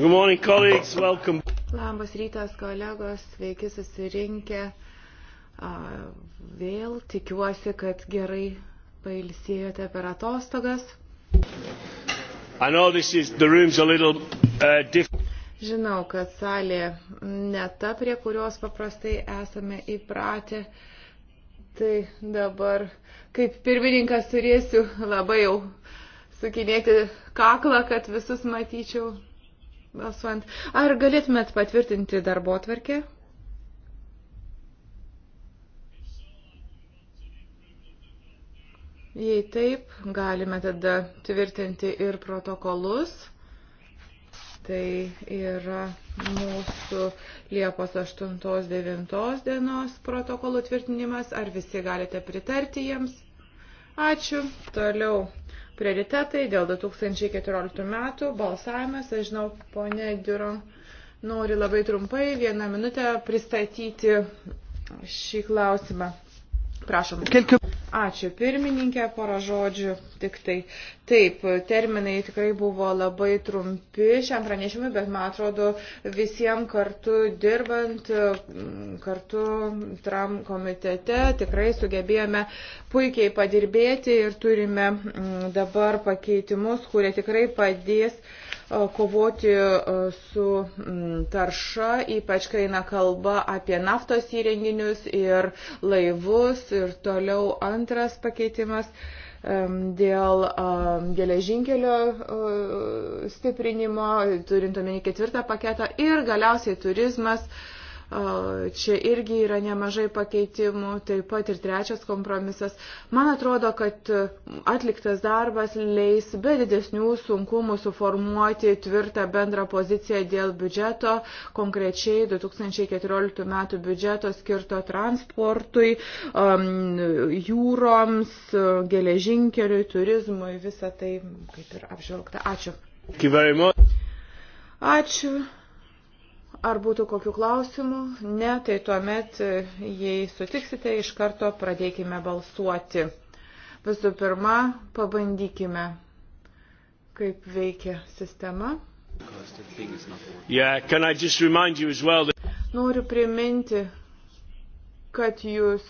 Good morning, colleagues. Welcome. Labas rytas, kolegos. Sveiki susirinkę. Vėl tikiuosi, kad gerai pailsėjote per atostogas. I know this is, the room's a little uh, different. Žinau, kad salė ne ta, prie kurios paprastai esame įpratę. Tai dabar, kaip pirmininkas, turėsiu labai jau sukinėti kaklą, kad visus matyčiau balsuojant. Ar galėtumėt patvirtinti darbo atverkę? Jei taip, galime tada tvirtinti ir protokolus. Tai yra mūsų Liepos 8-9 dienos protokolų tvirtinimas. Ar visi galite pritarti jiems? Ačiū. Toliau prioritetai dėl 2014 metų balsavimas. Aš žinau, ponė Duron nori labai trumpai vieną minutę pristatyti šį klausimą. Prašom. Ačiū pirmininkė, pora žodžių tik tai. Taip, terminai tikrai buvo labai trumpi šiam pranešimui, bet man atrodo visiems kartu dirbant, mm, kartu TRAM komitete tikrai sugebėjome puikiai padirbėti ir turime mm, dabar pakeitimus, kurie tikrai padės uh, kovoti su tarša, ypač kai eina kalba apie naftos įrenginius ir laivus. Ir toliau antras pakeitimas dėl geležinkelio stiprinimo, turint omeny ketvirtą paketą ir galiausiai turizmas Čia irgi yra nemažai pakeitimų, taip pat ir trečias kompromisas. Man atrodo, kad atliktas darbas leis be didesnių sunkumų suformuoti tvirtą bendrą poziciją dėl biudžeto, konkrečiai 2014 metų biudžeto skirto transportui, um, jūroms, geležinkeliui, turizmui, visą tai kaip ir apžvelgta. Ačiū. Ačiū. Ar būtų kokių klausimų? Ne, tai tuomet, e, jei sutiksite, iš karto pradėkime balsuoti. Visų pirma, pabandykime, kaip veikia sistema. Yeah, well that... Noriu priminti, kad jūs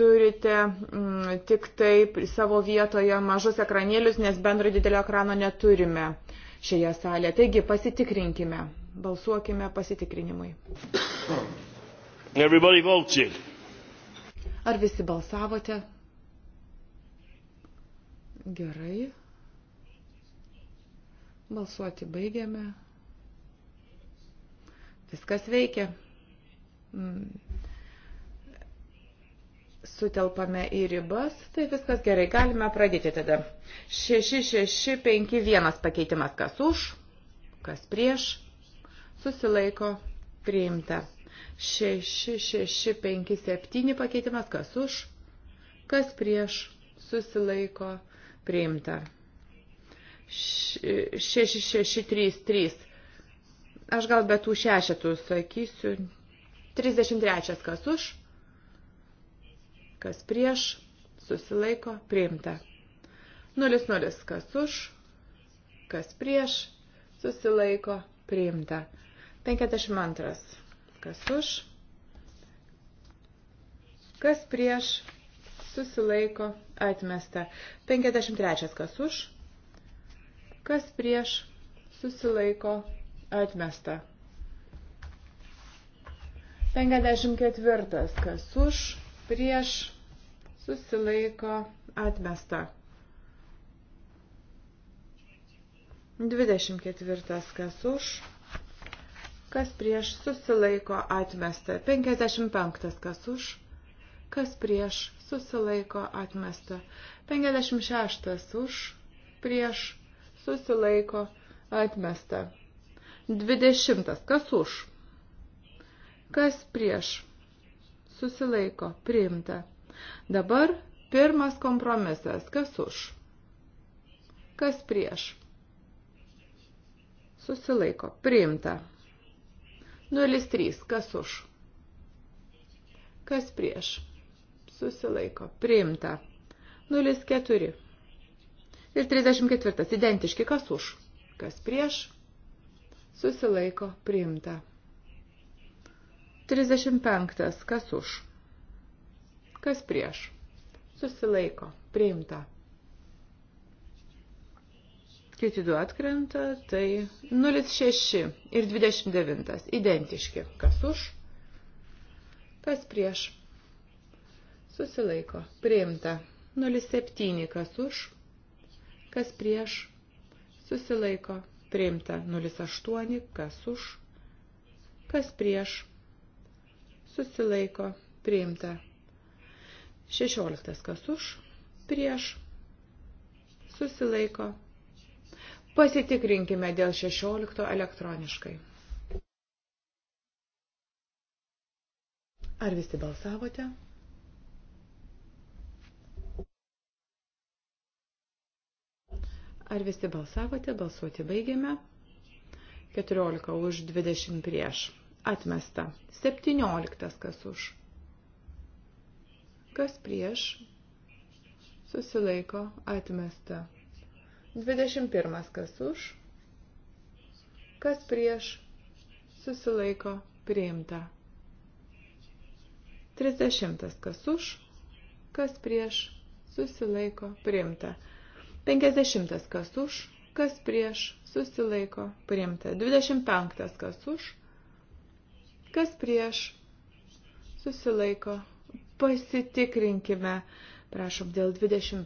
turite m, mm, tik taip savo vietoje mažus ekranėlius, nes bendro didelio ekrano neturime šioje salėje. Taigi pasitikrinkime. Balsuokime pasitikrinimui. Ar visi balsavote? Gerai. Balsuoti baigiame. Viskas veikia. Mm. Sutelpame į ribas, tai viskas gerai. Galime pradėti tada. 6, 6, 5, 1 pakeitimas. Kas už, kas prieš, susilaiko priimta. 6657 pakeitimas, kas už, kas prieš, susilaiko priimta. 6633. Aš gal be tų šešetų sakysiu. 33. Kas už, kas prieš, susilaiko priimta. 00. Kas už, kas prieš, susilaiko priimta. 52. Kas už? Kas prieš? Susilaiko. Atmesta. 53. Kas už? Kas prieš? Susilaiko. Atmesta. 54. Kas už? Prieš? Susilaiko. Atmesta. 24. Kas už? kas prieš susilaiko atmesta. 55. kas už, kas prieš susilaiko atmesta. 56. už, prieš susilaiko atmesta. 20. kas už, kas prieš susilaiko priimta. Dabar pirmas kompromisas. Kas už, kas prieš susilaiko priimta. 03. Kas už? Kas prieš? Susilaiko. Priimta. 04. Ir 34. Identiški. Kas už? Kas prieš? Susilaiko. Priimta. 35. Kas už? Kas prieš? Susilaiko. Priimta kiti du atkrenta, tai 06 ir 29 identiški. Kas už, kas prieš. Susilaiko. Priimta. 07 kas už, kas prieš. Susilaiko. Priimta. 08 kas už, kas prieš. Susilaiko. Priimta. 16 kas už, prieš. Susilaiko Pasitikrinkime dėl 16 elektroniškai. Ar visi balsavote? Ar visi balsavote? Balsuoti baigėme. 14 už 20 prieš. Atmesta. 17 kas už. Kas prieš? Susilaiko. Atmesta. 21. Kas už? Kas prieš? Susilaiko priimta. 30. Kas už? Kas prieš? Susilaiko priimta. 50. Kas už? Kas prieš? Susilaiko priimta. 25. Kas už? Kas prieš? Susilaiko. Pasitikrinkime. Prašom dėl 25.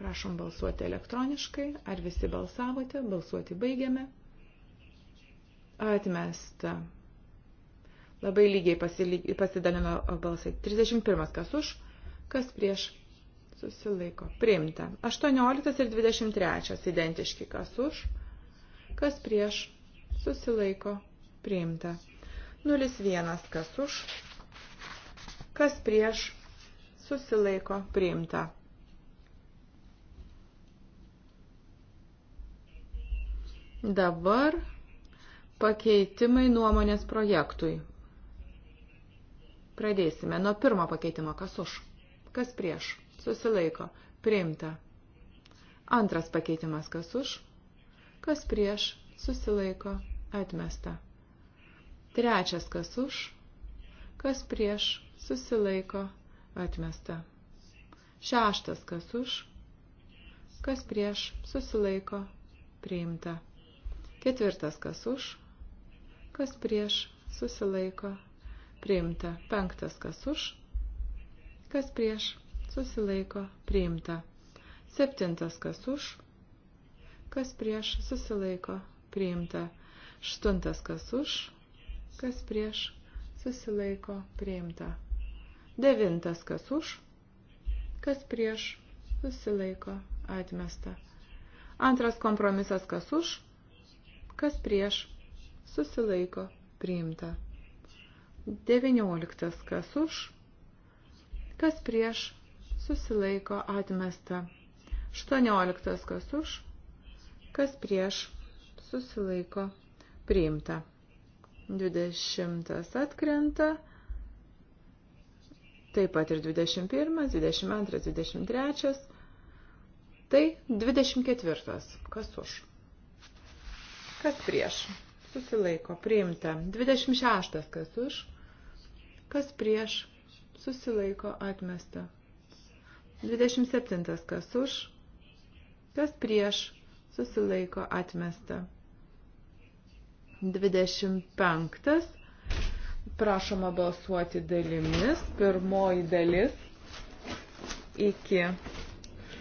Prašom balsuoti elektroniškai. Ar visi balsavote? Balsuoti baigiame. Atmesta. Labai lygiai pasidalino balsai. 31. Kas už, kas prieš susilaiko. Priimta. 18 ir 23. Identiški. Kas už, kas prieš susilaiko. Priimta. 01. Kas už, kas prieš susilaiko. Priimta. Dabar pakeitimai nuomonės projektui. Pradėsime nuo pirmo pakeitimo. Kas už? Kas prieš? Susilaiko. Priimta. Antras pakeitimas. Kas už? Kas prieš? Susilaiko. Atmesta. Trečias. Kas už? Kas prieš? Susilaiko. Atmesta. Šeštas. Kas už? Kas prieš? Susilaiko. Priimta. Ketvirtas, kas už, kas prieš, susilaiko, priimta. Penktas, kas už, kas prieš, susilaiko, priimta. Septintas, kas už, kas prieš, susilaiko, priimta. Štuntas, kas už, kas prieš, susilaiko, priimta. Devintas, kas už, kas prieš, susilaiko, atmesta. Antras kompromisas, kas už, Kas prieš? Susilaiko. Priimta. 19. Kas už? Kas prieš? Susilaiko. Atmesta. 18. Kas už? Kas prieš? Susilaiko. Priimta. 20. Atkrenta. Taip pat ir 21, 22, 23. Tai 24. Kas už? Kas prieš? Susilaiko. Priimta. 26. Kas už? Kas prieš? Susilaiko. Atmesta. 27. Kas už? Kas prieš? Susilaiko. Atmesta. 25. Prašoma balsuoti dalimis. Pirmoji dalis iki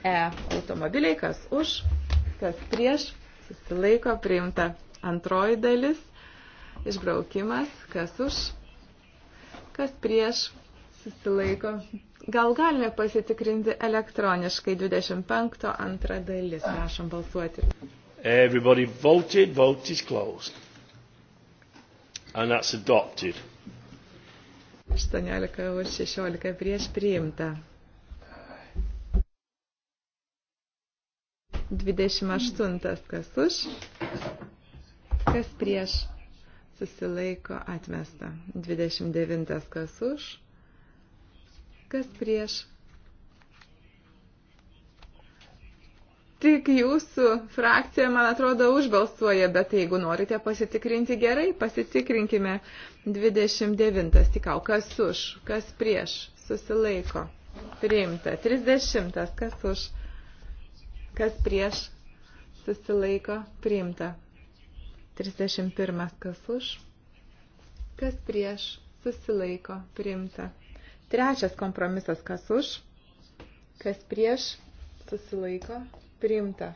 E automobiliai, kas už, kas prieš, susilaiko priimta. Antroji dalis, išbraukimas, kas už, kas prieš, susilaiko. Gal galime pasitikrinti elektroniškai 25 antrą dalis, prašom balsuoti. Everybody voted, vote is closed. And that's adopted. 18 už 16 prieš priimta. 28. Kas už? Kas prieš? Susilaiko atmesta. 29. Kas už? Kas prieš? Tik jūsų frakcija, man atrodo, užbalsuoja, bet jeigu norite pasitikrinti gerai, pasitikrinkime 29. Tikau, kas už, kas prieš, susilaiko, priimta. 30. Kas už, Kas prieš susilaiko priimta. 31. Kas už? Kas prieš susilaiko priimta. Trečias kompromisas. Kas už? Kas prieš susilaiko priimta.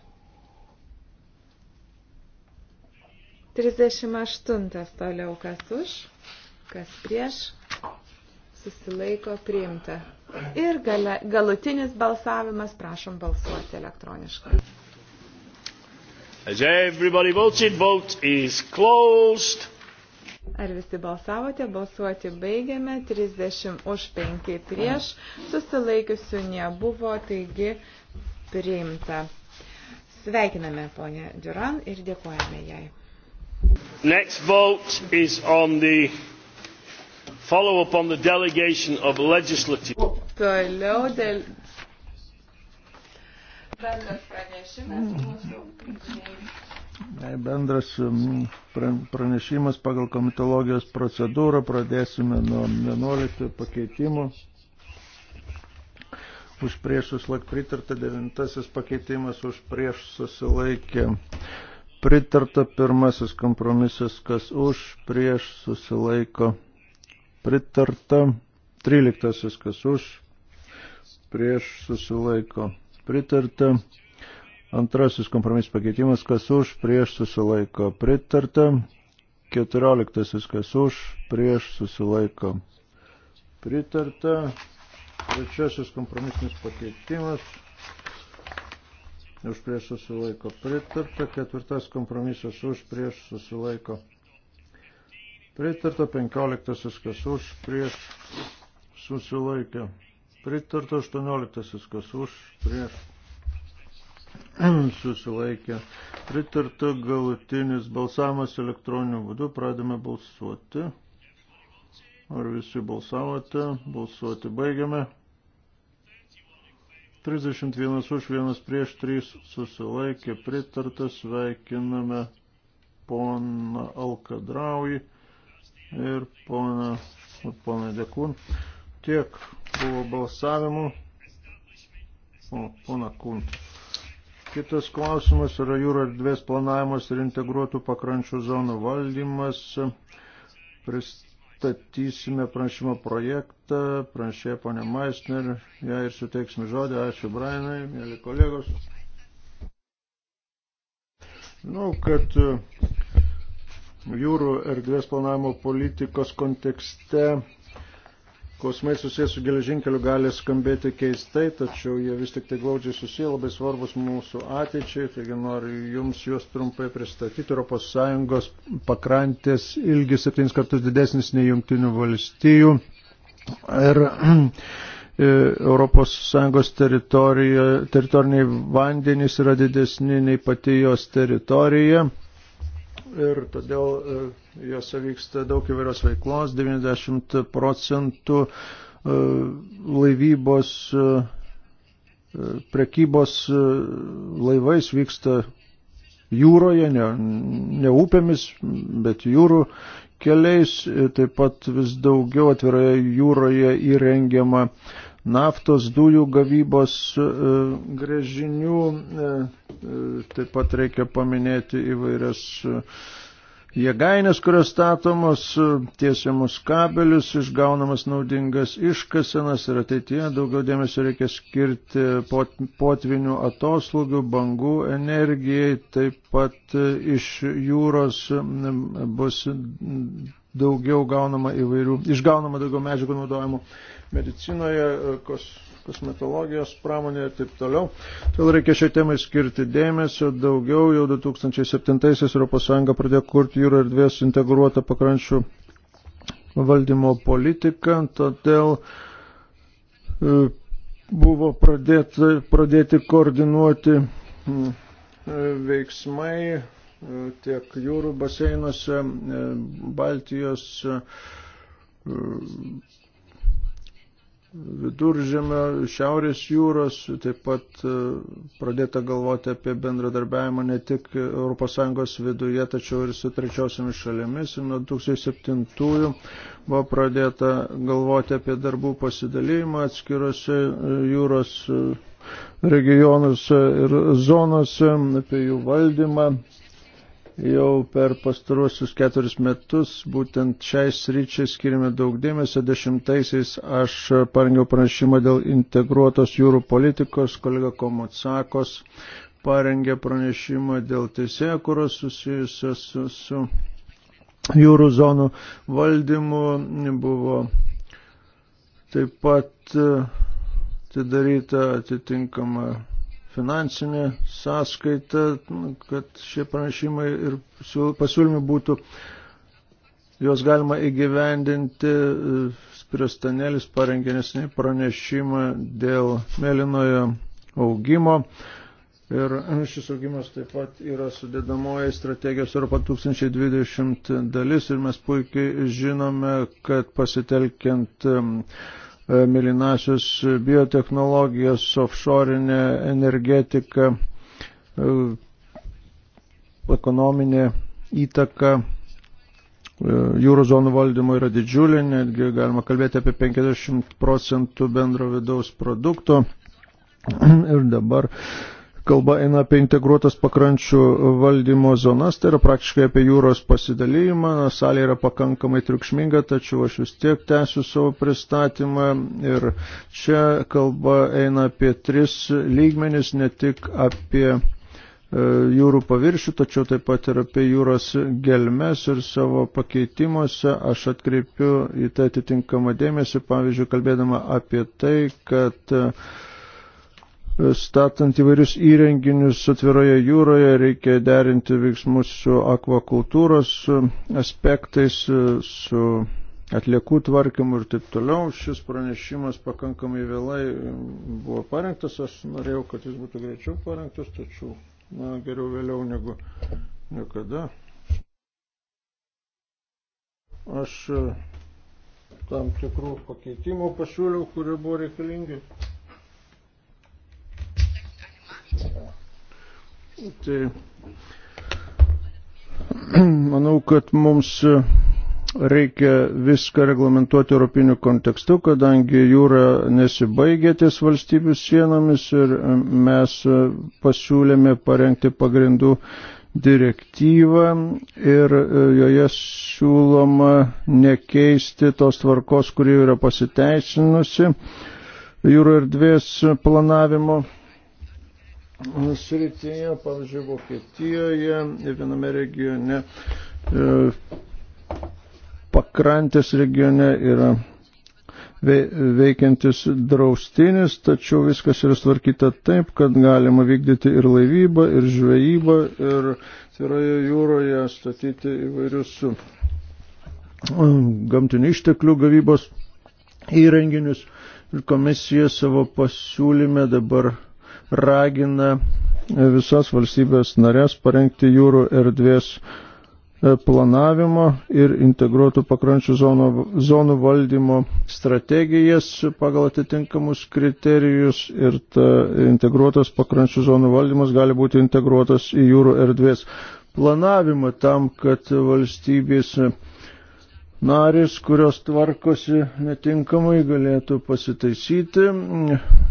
38. Toliau kas už? Kas prieš susilaiko priimta. Ir gale, galutinis balsavimas, prašom balsuoti elektroniškai. As everybody voted, vote is closed. Ar visi balsavote, balsuoti baigėme, 30 už 5 prieš, susilaikiusių nebuvo, taigi priimta. Sveikiname ponę Duran ir dėkojame jai. Next vote is on the follow up on the delegation of legislative. Toliau dėl. Bendras pranešimas, Bendras um, pranešimas pagal komitologijos procedūrą pradėsime nuo 11 pakeitimų. Už prieš susilaik pritarta devintasis pakeitimas, už prieš susilaikė pritarta pirmasis kompromisas, kas už prieš susilaiko pritarta. 13 kas už, prieš susilaiko pritarta. Antrasis kompromis pakeitimas, kas už, prieš susilaiko pritarta. Keturioliktasis, kas už, prieš susilaiko pritarta. Trečiasis kompromisinis pakeitimas, už prieš susilaiko pritarta. Ketvirtas kompromisas už prieš susilaiko pritarta. Pritarta 15 kas už, prieš susilaikė. Pritarta 18 kas už, prieš susilaikė. Pritarta galutinis balsavimas elektroniniu būdu, pradėme balsuoti. Ar visi balsavote? Balsuoti baigiame. 31 už, 1 prieš 3 susilaikė, pritarta, sveikiname poną Alkadraujį ir poną, poną Dekun. Tiek buvo balsavimų. O, pona Kun. Kitas klausimas yra jūrų erdvės planavimas ir integruotų pakrančių zonų valdymas. Pristatysime pranešimo projektą, pranešė ponė Maisner, ją ir suteiksime žodį. Ačiū, Brainai, mėly kolegos. Žinau, kad jūrų erdvės planavimo politikos kontekste klausimai susijęs su geležinkeliu gali skambėti keistai, tačiau jie vis tik tai glaudžiai susiję, labai svarbus mūsų ateičiai, taigi noriu Jums juos trumpai pristatyti. ES pakrantės ilgis septynis kartus didesnis nei jungtinių valstijų ir ES teritoriniai vandenys yra didesni nei pati jos teritorija ir todėl e, juose vyksta daug įvairios veiklos, 90 procentų e, laivybos, e, prekybos laivais vyksta jūroje, ne, ne upėmis, bet jūrų keliais, taip pat vis daugiau atviroje jūroje įrengiama naftos dujų gavybos grėžinių Taip pat reikia paminėti įvairias e, jėgainės, kurios statomos, e, tiesiamus kabelius, išgaunamas naudingas iškasenas ir ateityje daugiau dėmesio reikia skirti pot, potvinių atoslūgių, bangų energijai, taip pat e, iš jūros bus daugiau gaunama įvairių, išgaunama daugiau medžiagų naudojimų medicinoje, kos, kosmetologijos pramonė ir taip toliau. Todėl reikia šiai temai skirti dėmesio. Daugiau jau 2007-aisiais ES pradėjo kurti jūrų erdvės integruotą pakrančių valdymo politiką, todėl e, buvo pradėti, pradėti koordinuoti e, veiksmai e, tiek jūrų baseinuose, Baltijos viduržėmio, šiaurės jūros, taip pat e, pradėta galvoti apie bendradarbiavimą ne tik ES viduje, tačiau ir su trečiosiomis šalėmis. Nuo 2007 buvo pradėta galvoti apie darbų pasidalymą atskirose e, jūros e, regionuose ir zonose, apie jų valdymą, Jau per pastaruosius keturis metus būtent šiai sryčiai skirime daug dėmesio. Dešimtaisiais aš parengiau pranešimą dėl integruotos jūrų politikos, kolega Komotsakos parengė pranešimą dėl teisėjo, kurios susijusios su, su jūrų zonų valdymu. Buvo taip pat e, atidaryta atitinkama finansinė sąskaita, nu, kad šie pranešimai ir pasiūlymai būtų, juos galima įgyvendinti. E, Spirastanelis parengė nesnį pranešimą dėl mėlynojo augimo. Ir šis augimas taip pat yra sudėdamoji strategijos Europa 2020 dalis ir mes puikiai žinome, kad pasitelkiant E, milinasios biotehnologijos, offshorinė energetika, e, ekonominė įtaka e, jūrų zonų valdymo yra didžiulė, netgi galima kalbėti apie 50 procentų bendro vidaus produkto. Ir dabar kalba eina apie integruotas pakrančių valdymo zonas, tai yra praktiškai apie jūros pasidalymą, salė yra pakankamai triukšminga, tačiau aš vis tiek tęsiu savo pristatymą ir čia kalba eina apie tris lygmenis, ne tik apie e, jūrų paviršių, tačiau taip pat ir apie jūros gelmes ir savo pakeitimuose aš atkreipiu į tai atitinkamą dėmesį, pavyzdžiui, kalbėdama apie tai, kad uh, statant įvairius įrenginius atviroje jūroje reikia derinti veiksmus su akvakultūros aspektais, su atliekų tvarkymu ir taip toliau. Šis pranešimas pakankamai vėlai buvo parengtas, aš norėjau, kad jis būtų greičiau parengtas, tačiau na, geriau vėliau negu niekada. Aš e, tam tikrų pakeitimų pasiūliau, kurie buvo reikalingi. Tai manau, kad mums reikia viską reglamentuoti europiniu kontekstu, kadangi jūra nesibaigia ties valstybių sienomis ir mes pasiūlėme parengti pagrindų direktyvą ir joje siūloma nekeisti tos tvarkos, kuri yra pasiteisinusi jūrų erdvės planavimo srityje, pavyzdžiui, Vokietijoje ir viename regione, e, pakrantės regione yra veikiantis draustinis, tačiau viskas yra sutvarkyta taip, kad galima vykdyti ir laivybą, ir žvejybą, ir atviroje jūroje statyti įvairius e, gamtinių išteklių gavybos įrenginius. Ir komisija savo pasiūlyme dabar ragina visas valstybės narės parengti jūrų erdvės e, planavimo ir integruotų pakrančių zonų, zonų valdymo strategijas pagal atitinkamus kriterijus ir ta integruotas pakrančių zonų valdymas gali būti integruotas į jūrų erdvės planavimą tam, kad valstybės narės, kurios tvarkosi netinkamai, galėtų pasitaisyti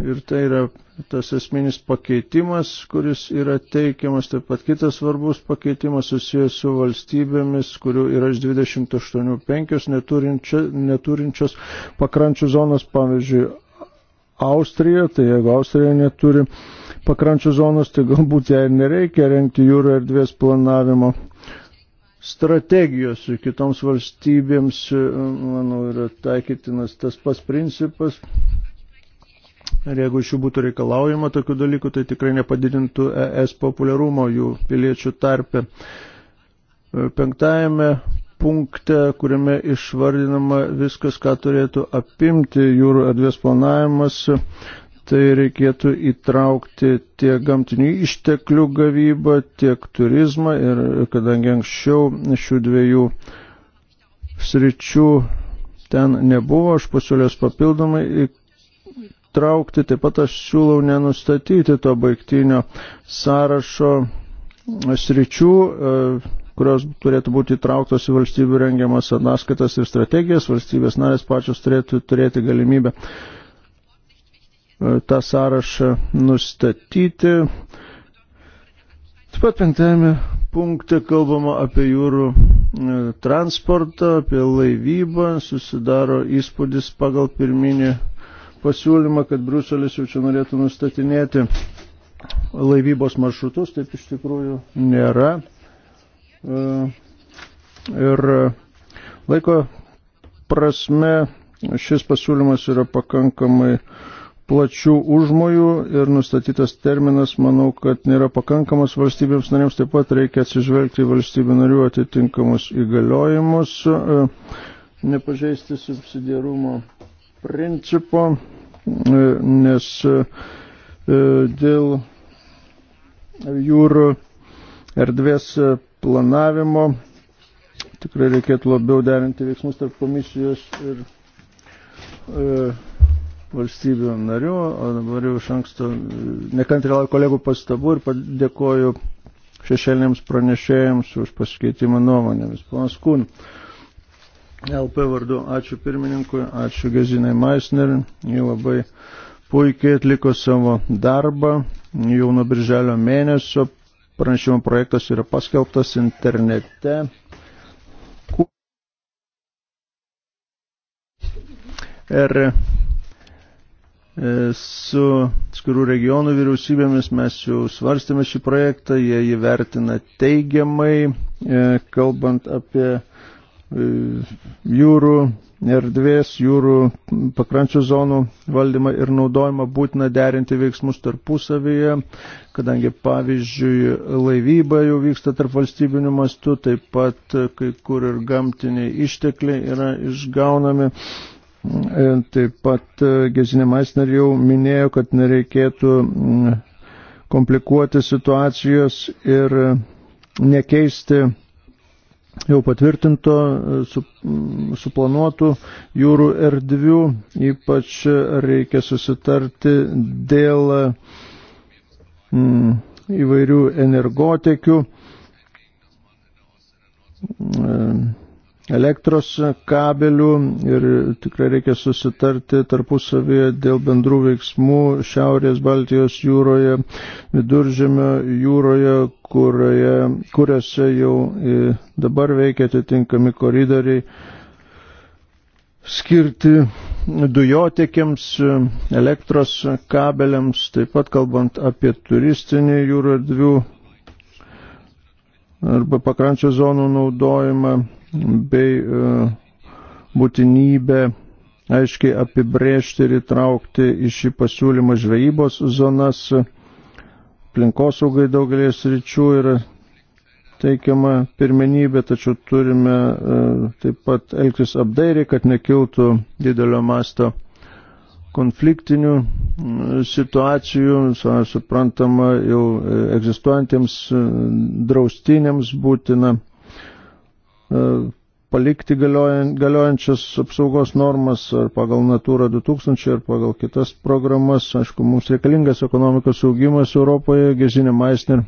ir tai yra tas esminis pakeitimas, kuris yra teikiamas, taip pat kitas svarbus pakeitimas susijęs su valstybėmis, kurių yra iš 28, 5 neturinčio, neturinčios pakrančių zonos, pavyzdžiui, Austrija, tai jeigu Austrija neturi pakrančių zonos, tai galbūt jai nereikia renkti jūrų erdvės planavimo strategijos kitoms valstybėms, manau, yra taikytinas tas pas principas Ir jeigu iš jų būtų reikalaujama tokių dalykų, tai tikrai nepadidintų ES populiarumo jų piliečių tarpe. Penktajame punkte, kuriame išvardinama viskas, ką turėtų apimti jūrų erdvės planavimas, tai reikėtų įtraukti tiek gamtinių išteklių gavybą, tiek turizmą ir kadangi anksčiau šių dviejų sričių ten nebuvo, aš pasiūlęs papildomai įtraukti. Taip pat aš siūlau nenustatyti to baigtinio sąrašo sričių, e, kurios turėtų būti įtrauktos į valstybių rengiamas ataskaitas ir strategijas. Valstybės narės pačios turėtų turėti galimybę e, tą sąrašą nustatyti. Taip pat penktame punkte kalbama apie jūrų e, transportą, apie laivybą, susidaro įspūdis pagal pirminį pasiūlymą, kad Bruselis jau čia norėtų nustatinėti laivybos maršrutus, taip iš tikrųjų nėra. E, ir laiko prasme šis pasiūlymas yra pakankamai plačių užmojų ir nustatytas terminas, manau, kad nėra pakankamas valstybėms narėms, taip pat reikia atsižvelgti į valstybių narių atitinkamus įgaliojimus, e, nepažeisti subsidiarumo principo, e, nes e, e, dėl jūrų erdvės planavimo tikrai reikėtų labiau derinti veiksmus tarp komisijos ir e, valstybių narių, o dabar jau iš anksto nekantrilauju kolegų pastabų ir dėkoju šešėlėms pranešėjams už pasikeitimą nuomonėmis. Ponas Kūn. E, LP vardu. Ačiū pirmininkui, ačiū Gezinai Maisner, jie labai puikiai atliko savo darbą. Jau nuo birželio mėnesio pranešimo projektas yra paskelbtas internete. Ir e, su skirų regionų vyriausybėmis mes jau svarstėme šį projektą, jie įvertina teigiamai, e, kalbant apie E, jūrų erdvės, jūrų pakrančių zonų valdymą ir naudojimą būtina derinti veiksmus tarpusavyje, kadangi pavyzdžiui laivyba jau vyksta tarp valstybinių mastų, taip pat kai kur ir gamtiniai ištekliai yra išgaunami. E, taip pat e, Gezinė Maisner jau minėjo, kad nereikėtų komplikuoti situacijos ir nekeisti jau patvirtinto, su, suplanuotų jūrų erdvių, ypač reikia susitarti dėl mm, įvairių energotekių. Mm, elektros kabelių ir tikrai reikia susitarti tarpusavyje dėl bendrų veiksmų Šiaurės Baltijos jūroje, Viduržėmio jūroje, kurioje, kuriuose jau e, dabar veikia atitinkami koridoriai skirti dujotekiams, elektros kabeliams, taip pat kalbant apie turistinį jūrų erdvių arba pakrančio zonų naudojimą bei e, būtinybę aiškiai apibrėžti ir įtraukti į šį pasiūlymą žvejybos zonas. Aplinkosaugai daugelės ryčių yra teikiama pirmenybė, tačiau turime e, taip pat elgtis apdairiai, kad nekiltų didelio masto konfliktinių situacijų, suprantama, jau e, egzistuojantiems draustinėms būtina E, palikti galiojančias apsaugos normas ar pagal Natūra 2000 ar pagal kitas programas. Aišku, mums reikalingas ekonomikos augimas Europoje, Gezinė Maisner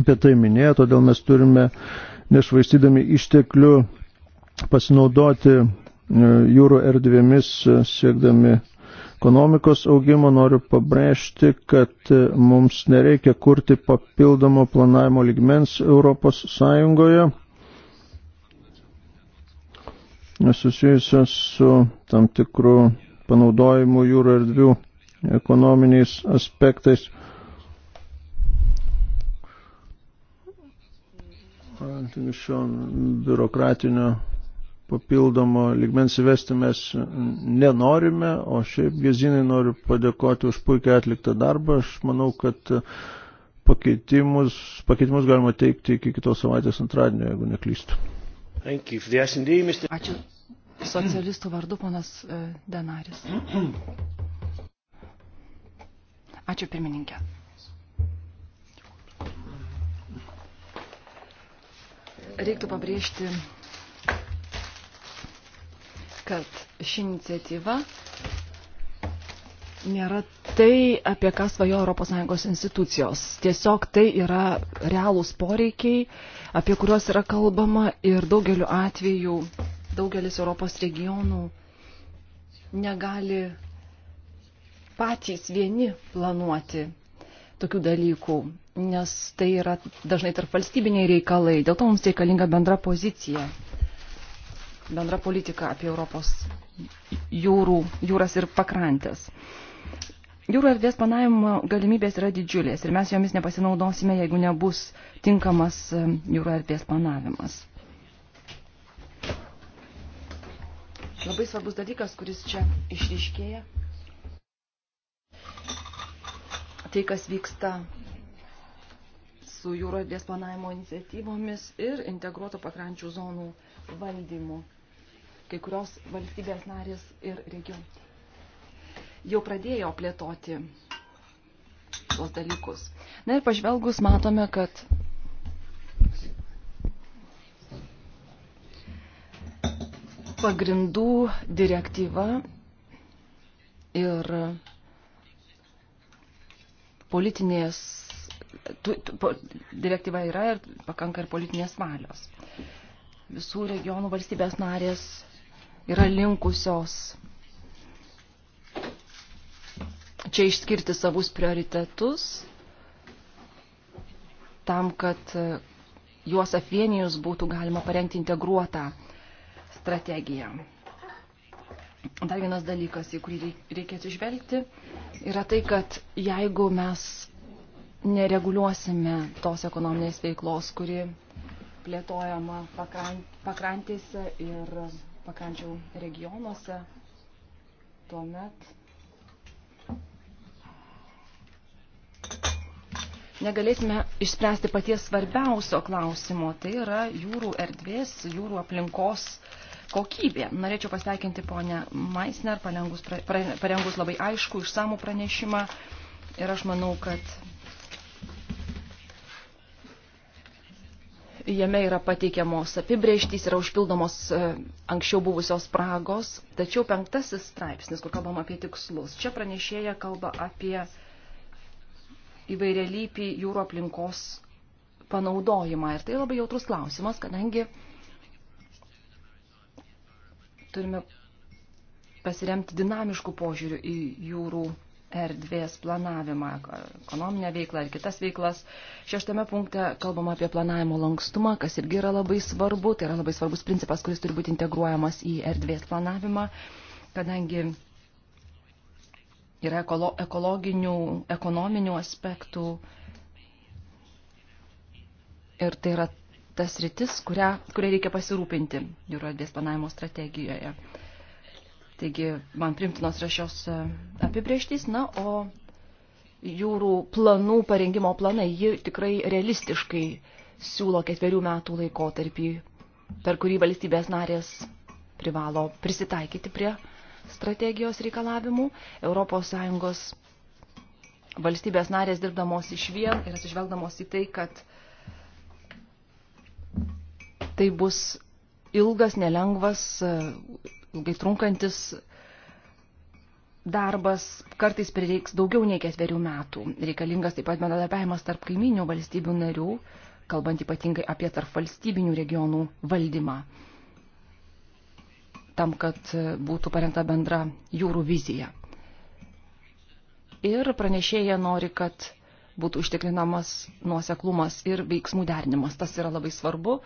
apie tai minėjo, todėl mes turime, nešvaistydami išteklių, pasinaudoti e, jūrų erdvėmis e, siekdami ekonomikos augimo noriu pabrėžti, kad mums nereikia kurti papildomo planavimo ligmens Europos Sąjungoje susijusios su tam tikru panaudojimu jūrų erdvių ekonominiais aspektais. Šio biurokratinio papildomo ligmens įvesti mes nenorime, o šiaip gezinai noriu padėkoti už puikiai atliktą darbą. Aš manau, kad pakeitimus, pakeitimus galima teikti iki kitos savaitės antradienio, jeigu neklystu. Ačiū. Socialistų vardu ponas e, Denaris. Ačiū pirmininkė. Reiktų pabrėžti, kad ši iniciatyva nėra tai, apie ką svajo ES institucijos. Tiesiog tai yra realūs poreikiai, apie kuriuos yra kalbama ir daugeliu atveju daugelis Europos regionų negali patys vieni planuoti tokių dalykų, nes tai yra dažnai tarp valstybiniai reikalai. Dėl to mums reikalinga bendra pozicija, bendra politika apie Europos jūrų, jūras ir pakrantės. Jūrų erdvės planavimo galimybės yra didžiulės ir mes jomis nepasinaudosime, jeigu nebus tinkamas e, jūrų erdvės planavimas. Labai svarbus dalykas, kuris čia išryškėja. Tai, kas vyksta su jūro erdvės planavimo iniciatyvomis ir integruoto pakrančių zonų valdymu. Kai kurios valstybės narės ir regionai jau pradėjo plėtoti tuos dalykus. Na ir pažvelgus matome, kad pagrindų direktyva ir politinės tu, tu, po, direktyva yra ir pakanka ir politinės valios. Visų regionų valstybės narės yra linkusios čia išskirti savus prioritetus tam, kad e, juos apvienijus būtų galima parengti integruotą strategiją. Dar vienas dalykas, į kurį reikia atsižvelgti, yra tai, kad jeigu mes nereguliuosime tos ekonominės veiklos, kuri plėtojama pakrantėse ir pakrančių regionuose, tuomet negalėsime išspręsti paties svarbiausio klausimo, tai yra jūrų erdvės, jūrų aplinkos kokybė. Norėčiau pasveikinti ponę Maisner, parengus, parengus labai aišku išsamų pranešimą ir aš manau, kad jame yra pateikiamos apibrėžtys, yra užpildomos e, anksčiau buvusios spragos, tačiau penktasis straipsnis, kur kalbam apie tikslus, čia pranešėja kalba apie įvairialypį jūro aplinkos panaudojimą. Ir tai labai jautrus klausimas, kadangi turime pasiremti dinamiškų požiūrių į jūrų erdvės planavimą, ekonominę veiklą ir kitas veiklas. Šeštame punkte kalbama apie planavimo lankstumą, kas irgi yra labai svarbu. Tai yra labai svarbus principas, kuris turi būti integruojamas į erdvės planavimą, kadangi yra ekolo, ekologinių, ekonominių aspektų. Ir tai yra tas rytis, kurią, kurią reikia pasirūpinti jūro erdvės planavimo strategijoje. Taigi, man primtinos yra šios e, apibrieštys, na, o jūrų planų parengimo planai, ji tikrai realistiškai siūlo ketverių metų laikotarpį, per kurį valstybės narės privalo prisitaikyti prie strategijos reikalavimų. ES valstybės narės dirbdamos iš vien ir atsižvelgdamos į tai, kad tai bus ilgas, nelengvas, ilgai trunkantis darbas, kartais prireiks daugiau nei ketverių metų. Reikalingas taip pat bendradarbiavimas tarp kaiminių valstybių narių, kalbant ypatingai apie tarp valstybinių regionų valdymą tam, kad būtų parengta bendra jūrų vizija. Ir pranešėja nori, kad būtų užtikrinamas nuoseklumas ir veiksmų derinimas. Tas yra labai svarbu,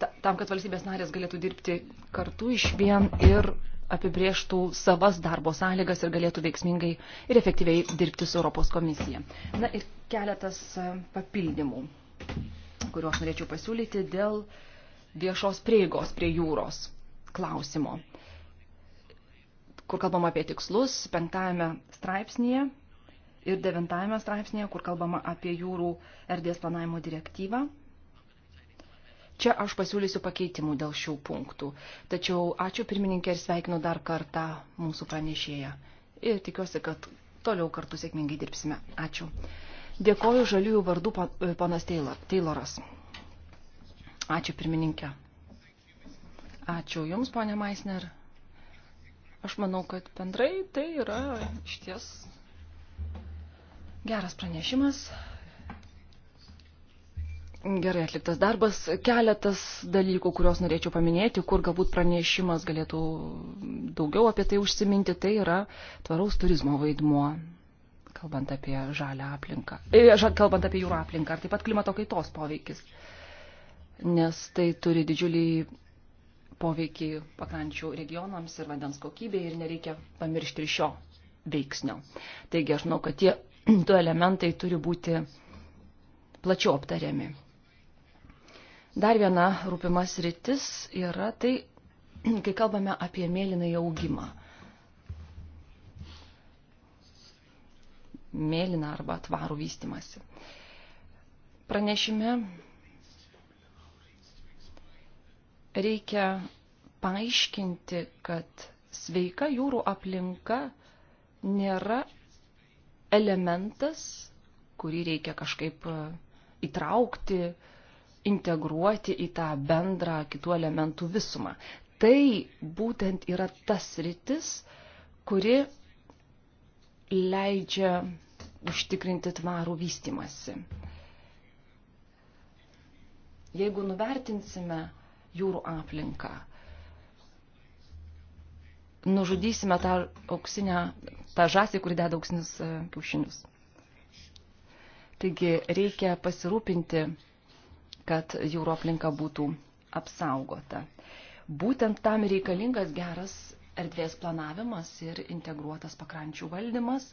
tam, kad valstybės narės galėtų dirbti kartu iš vien ir apibrieštų savas darbo sąlygas ir galėtų veiksmingai ir efektyviai dirbti su Europos komisija. Na ir keletas e, papildymų, kuriuos norėčiau pasiūlyti dėl viešos prieigos prie jūros klausimo, kur kalbama apie tikslus, penktame straipsnėje ir devintame straipsnėje, kur kalbama apie jūrų erdvės planavimo direktyvą. Čia aš pasiūlysiu pakeitimų dėl šių punktų. Tačiau ačiū pirmininkė ir sveikinu dar kartą mūsų pranešėją. Ir tikiuosi, kad toliau kartu sėkmingai dirbsime. Ačiū. Dėkoju žaliųjų vardų ponas Tayloras. Ačiū pirmininkė. Ačiū Jums, ponė Maisner. Aš manau, kad bendrai tai yra iš ties geras pranešimas. Gerai atliktas darbas. Keletas dalykų, kuriuos norėčiau paminėti, kur galbūt pranešimas galėtų daugiau apie tai užsiminti, tai yra tvaraus turizmo vaidmuo kalbant apie žalę aplinką, e, kalbant apie jūrų aplinką, ar taip pat klimato kaitos poveikis, nes tai turi didžiulį poveikį pakrančių regionams ir vandens kokybei ir nereikia pamiršti ir šio veiksnio. Taigi aš žinau, kad tie du elementai turi būti plačiau aptariami. Dar viena rūpimas rytis yra tai, kai kalbame apie mėlyną augimą. Mėlyną arba tvarų vystimasi. Pranešime reikia paaiškinti, kad sveika jūrų aplinka nėra elementas, kurį reikia kažkaip e, įtraukti, integruoti į tą bendrą kitų elementų visumą. Tai būtent yra tas rytis, kuri leidžia užtikrinti tvarų vystimasi. Jeigu nuvertinsime jūrų aplinką. Nužudysime tą auksinę, tą žąsį, kuri deda auksinius e, kiaušinius. Taigi reikia pasirūpinti, kad jūro aplinka būtų apsaugota. Būtent tam reikalingas geras erdvės planavimas ir integruotas pakrančių valdymas,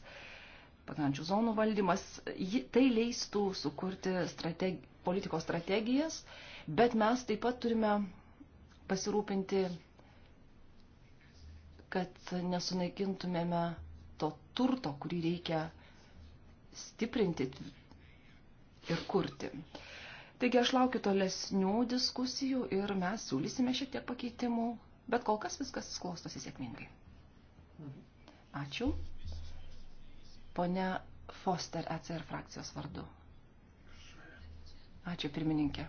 pakrančių zonų valdymas. Tai leistų sukurti strategi politikos strategijas, bet mes taip pat turime pasirūpinti, kad nesunaikintumėme to turto, kurį reikia stiprinti ir kurti. Taigi aš laukiu tolesnių diskusijų ir mes siūlysime šiek tiek pakeitimų, bet kol kas viskas klostosi sėkmingai. Ačiū. Pone Foster ECR frakcijos vardu. Ačiū pirmininkė.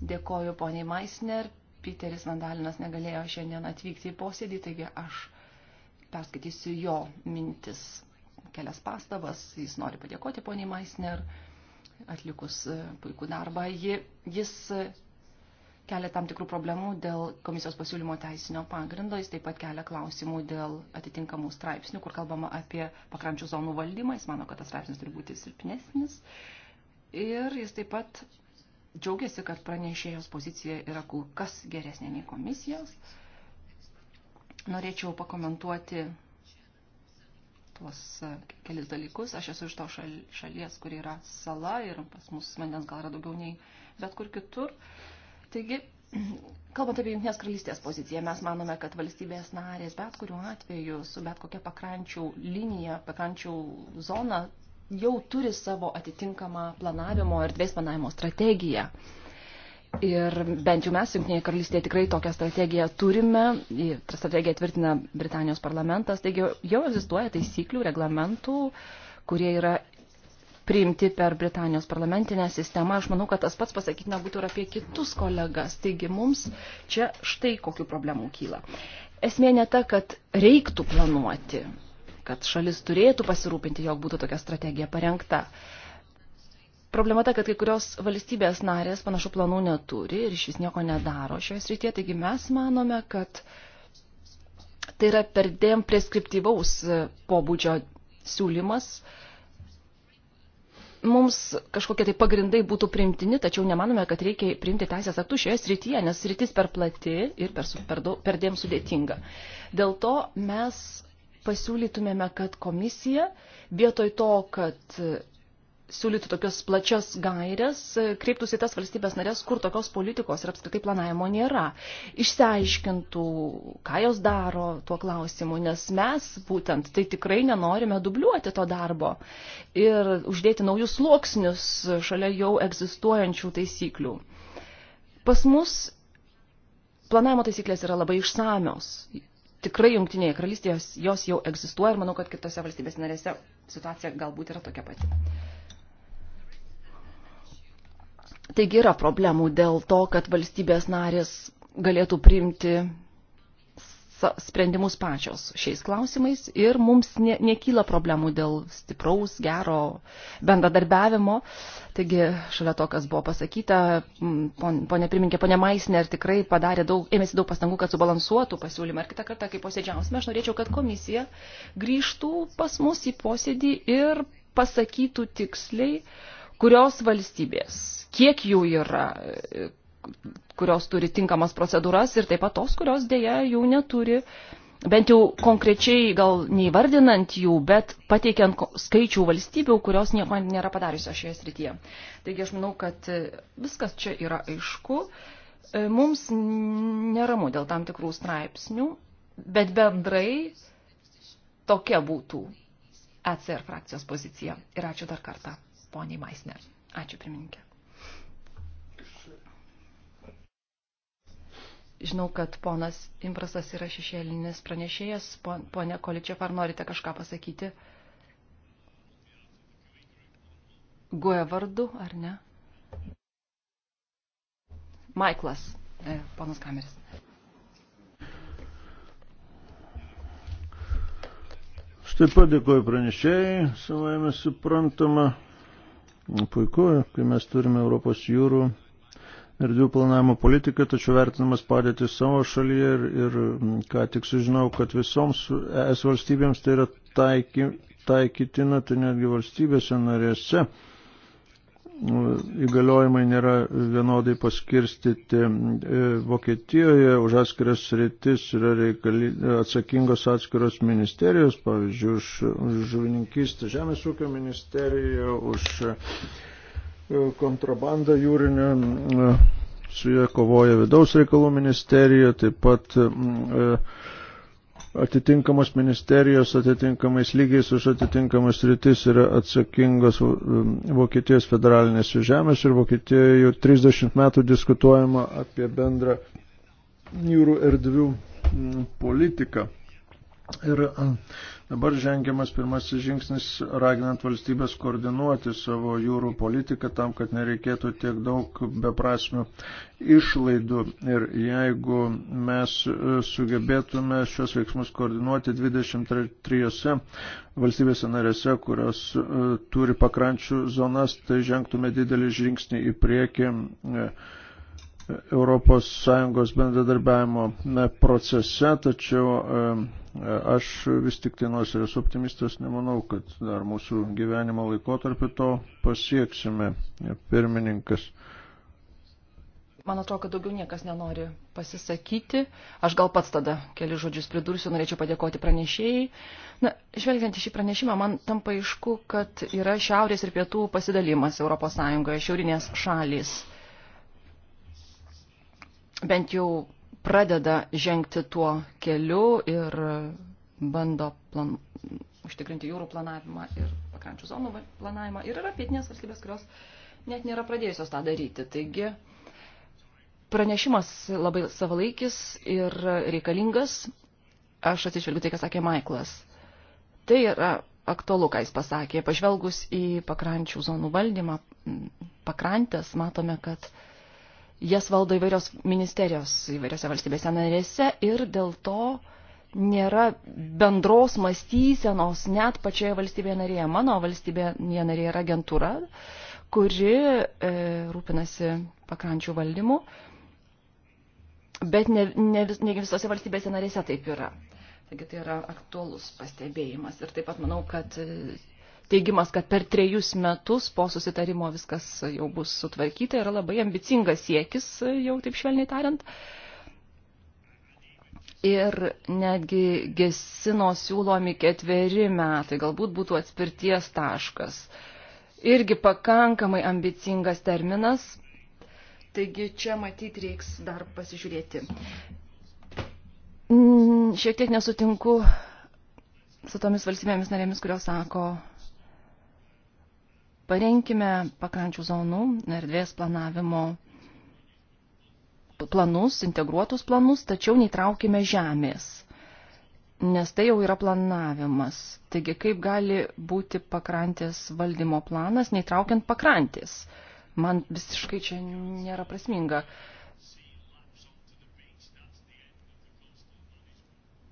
Dėkoju poniai Maisner. Piteris Vandalinas negalėjo šiandien atvykti į posėdį, taigi aš perskaitysiu jo mintis, kelias pastabas. Jis nori padėkoti poniai Maisner, atlikus e, puikų darbą. Ji, jis e, kelia tam tikrų problemų dėl komisijos pasiūlymo teisinio pagrindo, jis taip pat kelia klausimų dėl atitinkamų straipsnių, kur kalbama apie pakrančių zonų valdymą, jis mano, kad tas straipsnis turi būti silpnesnis. Ir jis taip pat džiaugiasi, kad pranešėjos pozicija yra kur kas geresnė nei komisijos. Norėčiau pakomentuoti tuos e, kelis dalykus. Aš esu iš to šal, šalies, kur yra sala ir pas mus vandens gal yra daugiau nei bet kur kitur. Taigi, kalbant apie Junktinės karalystės poziciją, mes manome, kad valstybės narės bet kuriuo atveju su bet kokia pakrančių linija, pakrančių zona jau turi savo atitinkamą planavimo ir dvies planavimo strategiją. Ir bent jau mes, Junktinėje karalystėje, tikrai tokią strategiją turime. Ta strategija tvirtina Britanijos parlamentas. Taigi jau egzistuoja taisyklių, reglamentų, kurie yra priimti per Britanijos parlamentinę sistemą. Aš manau, kad tas pats pasakytina būtų ir apie kitus kolegas. Taigi mums čia štai kokiu problemu kyla. Esmė ne ta, kad reiktų planuoti kad šalis turėtų pasirūpinti, jog būtų tokia strategija parengta. Problema ta, kad kai kurios valstybės narės panašų planų neturi ir iš vis nieko nedaro šioje srityje, taigi mes manome, kad tai yra perdėm preskriptyvaus pobūdžio siūlymas. Mums kažkokie tai pagrindai būtų primtini, tačiau nemanome, kad reikia priimti teisės aktų šioje srityje, nes sritis per plati ir per, per, per dėm sudėtinga. Dėl to mes pasiūlytumėme, kad komisija vietoj to, kad siūlytų tokios plačias gairias, kreiptųsi tas valstybės narės, kur tokios politikos ir apskritai planavimo nėra. Išsiaiškintų, ką jos daro tuo klausimu, nes mes būtent tai tikrai nenorime dubliuoti to darbo ir uždėti naujus sluoksnius šalia jau egzistuojančių taisyklių. Pas mus planavimo taisyklės yra labai išsamios, tikrai jungtinėje karalystėje jos jau egzistuoja ir manau, kad kitose valstybės narėse situacija galbūt yra tokia pati. Taigi yra problemų dėl to, kad valstybės narės galėtų priimti sprendimus pačios šiais klausimais ir mums ne, nekyla problemų dėl stipraus, gero bendradarbiavimo. Taigi, šalia to, kas buvo pasakyta, pon, ponė pirminkė, ponė Maisner tikrai padarė daug, ėmėsi daug pastangų, kad subalansuotų pasiūlymą. Ir kitą kartą, kai posėdžiausime, aš norėčiau, kad komisija grįžtų pas mus į posėdį ir pasakytų tiksliai, kurios valstybės, kiek jų yra, kurios turi tinkamas procedūras ir taip pat tos, kurios dėja jų neturi. Bent jau konkrečiai gal neįvardinant jų, bet pateikiant skaičių valstybių, kurios nieko nėra padariusios šioje srityje. Taigi aš manau, kad e, viskas čia yra aišku. E, mums neramu dėl tam tikrų straipsnių, bet bendrai tokia būtų ECR frakcijos pozicija. Ir ačiū dar kartą, poniai Maisner. Ačiū, pirmininkė. Žinau, kad ponas Imprasas yra šešėlinis pranešėjas. Pone Količiev, ar norite kažką pasakyti? Guoja vardu, ar ne? Maiklas, e, ponas Kameris. Štai padėkoju pranešėjai, savaime suprantama. Puiku, kai mes turime Europos jūrų erdvių planavimo politiką, tačiau vertinamas padėtis savo šalyje ir, ir ką tik sužinau, kad visoms ES valstybėms tai yra taiky, taikytina, tai netgi valstybėse narėse įgaliojimai nėra vienodai paskirstyti. E, Vokietijoje už atskiras sritis yra reikali, atsakingos atskiros ministerijos, pavyzdžiui, už, už žuvininkystę, žemės ūkio ministeriją, už kontrabandą jūrinę, su jie kovoja vidaus reikalų ministerija, taip pat mm, e, atitinkamos ministerijos atitinkamais lygiais už atitinkamas rytis yra atsakingos mm, Vokietijos federalinės žemės ir Vokietijoje jau 30 metų diskutuojama apie bendrą jūrų erdvių mm, politiką. Ir Dabar žengiamas pirmasis žingsnis raginant valstybės koordinuoti savo jūrų politiką tam, kad nereikėtų tiek daug beprasmių išlaidų. Ir jeigu mes e, sugebėtume šios veiksmus koordinuoti 23 valstybėse narėse, kurios e, turi pakrančių zonas, tai žengtume didelį žingsnį į priekį. E, Europos Sąjungos bendradarbiavimo procese, tačiau Aš vis tik tai nors ir esu optimistas, nemanau, kad dar mūsų gyvenimo laikotarpiu to pasieksime, pirmininkas. Man atrodo, kad daugiau niekas nenori pasisakyti. Aš gal pats tada keli žodžius pridursiu, norėčiau padėkoti pranešėjai. Na, žvelgiant į šį pranešimą, man tampa aišku, kad yra šiaurės ir pietų pasidalimas ES, šiaurinės šalys. Bent jau pradeda žengti tuo keliu ir bando plan, užtikrinti jūrų planavimą ir pakrančių zonų planavimą. Ir yra pietinės valstybės, kurios net nėra pradėjusios tą daryti. Taigi pranešimas labai savalaikis ir reikalingas. Aš atsižvelgiu tai, ką sakė Maiklas. Tai yra aktualu, ką jis pasakė. Pažvelgus į pakrančių zonų valdymą, pakrantės, matome, kad uh, jas valdo įvairios ministerijos įvairiose valstybėse narėse ir dėl to nėra bendros mąstysenos net pačioje valstybėje narėje. Mano valstybėje narėje yra agentūra, kuri e, rūpinasi pakrančių valdymu, bet ne, ne, vis, ne visose valstybėse narėse taip yra. Taigi tai yra aktuolus pastebėjimas ir taip pat manau, kad teigimas, kad per trejus metus po susitarimo viskas jau bus sutvarkyta, yra labai ambicingas siekis, jau taip švelniai tariant. Ir netgi gesino siūlomi ketveri metai, galbūt būtų atspirties taškas. Irgi pakankamai ambicingas terminas, taigi čia matyt reiks dar pasižiūrėti. Mm, šiek tiek nesutinku su tomis valstybėmis narėmis, kurios sako, Parenkime pakrančių zonų erdvės planavimo planus, integruotus planus, tačiau neįtraukime žemės, nes tai jau yra planavimas. Taigi, kaip gali būti pakrantės valdymo planas, neįtraukiant pakrantės? Man visiškai čia nėra prasminga.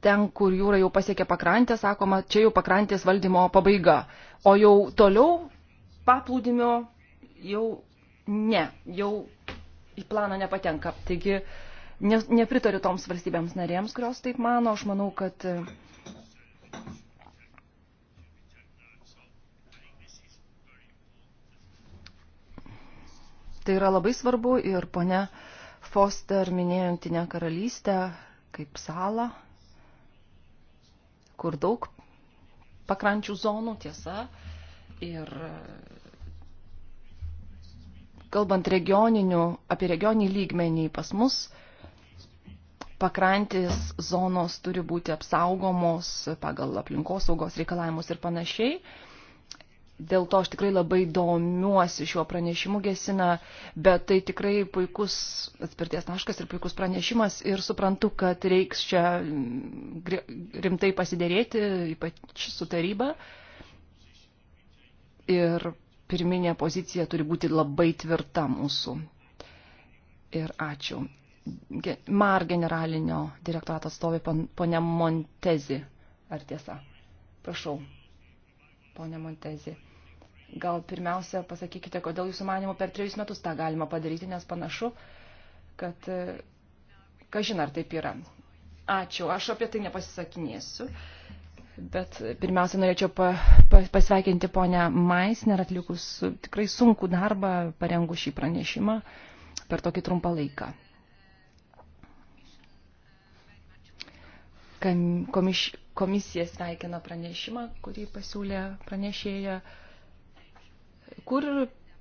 ten, kur jūra jau pasiekė pakrantę, sakoma, čia jau pakrantės valdymo pabaiga. O jau toliau paplūdimio jau ne, jau į planą nepatenka. Taigi ne, nepritariu toms valstybėms narėms, kurios taip mano. Aš manau, kad Tai yra labai svarbu ir ponia Foster minėjo Jungtinę karalystę kaip salą, kur daug pakrančių zonų tiesa, uh, Ir kalbant regioninių, apie regioninį lygmenį pas mus, pakrantės zonos turi būti apsaugomos pagal aplinkosaugos reikalavimus ir panašiai. Dėl to aš tikrai labai domiuosi šiuo pranešimu gesina, bet tai tikrai puikus atspirties taškas ir puikus pranešimas ir suprantu, kad reiks čia rimtai pasidėrėti, ypač su taryba. Uh, ir pirminė pozicija turi būti labai tvirta mūsų. Ir ačiū. MAR generalinio direktorato atstovė ponia Montezi. Ar tiesa? Prašau, ponia Montezi. Gal pirmiausia pasakykite, kodėl jūsų manimo per trejus metus tą galima padaryti, nes panašu, kad e, kažin ar taip yra. Ačiū, aš apie tai nepasisakinėsiu. Uh, Bet pirmiausia, norėčiau pa, pa, pasveikinti ponę Maisner atlikus tikrai sunkų darbą, parengus šį pranešimą per tokį trumpą laiką. Komiš, komisija sveikina pranešimą, kurį pasiūlė pranešėja, kur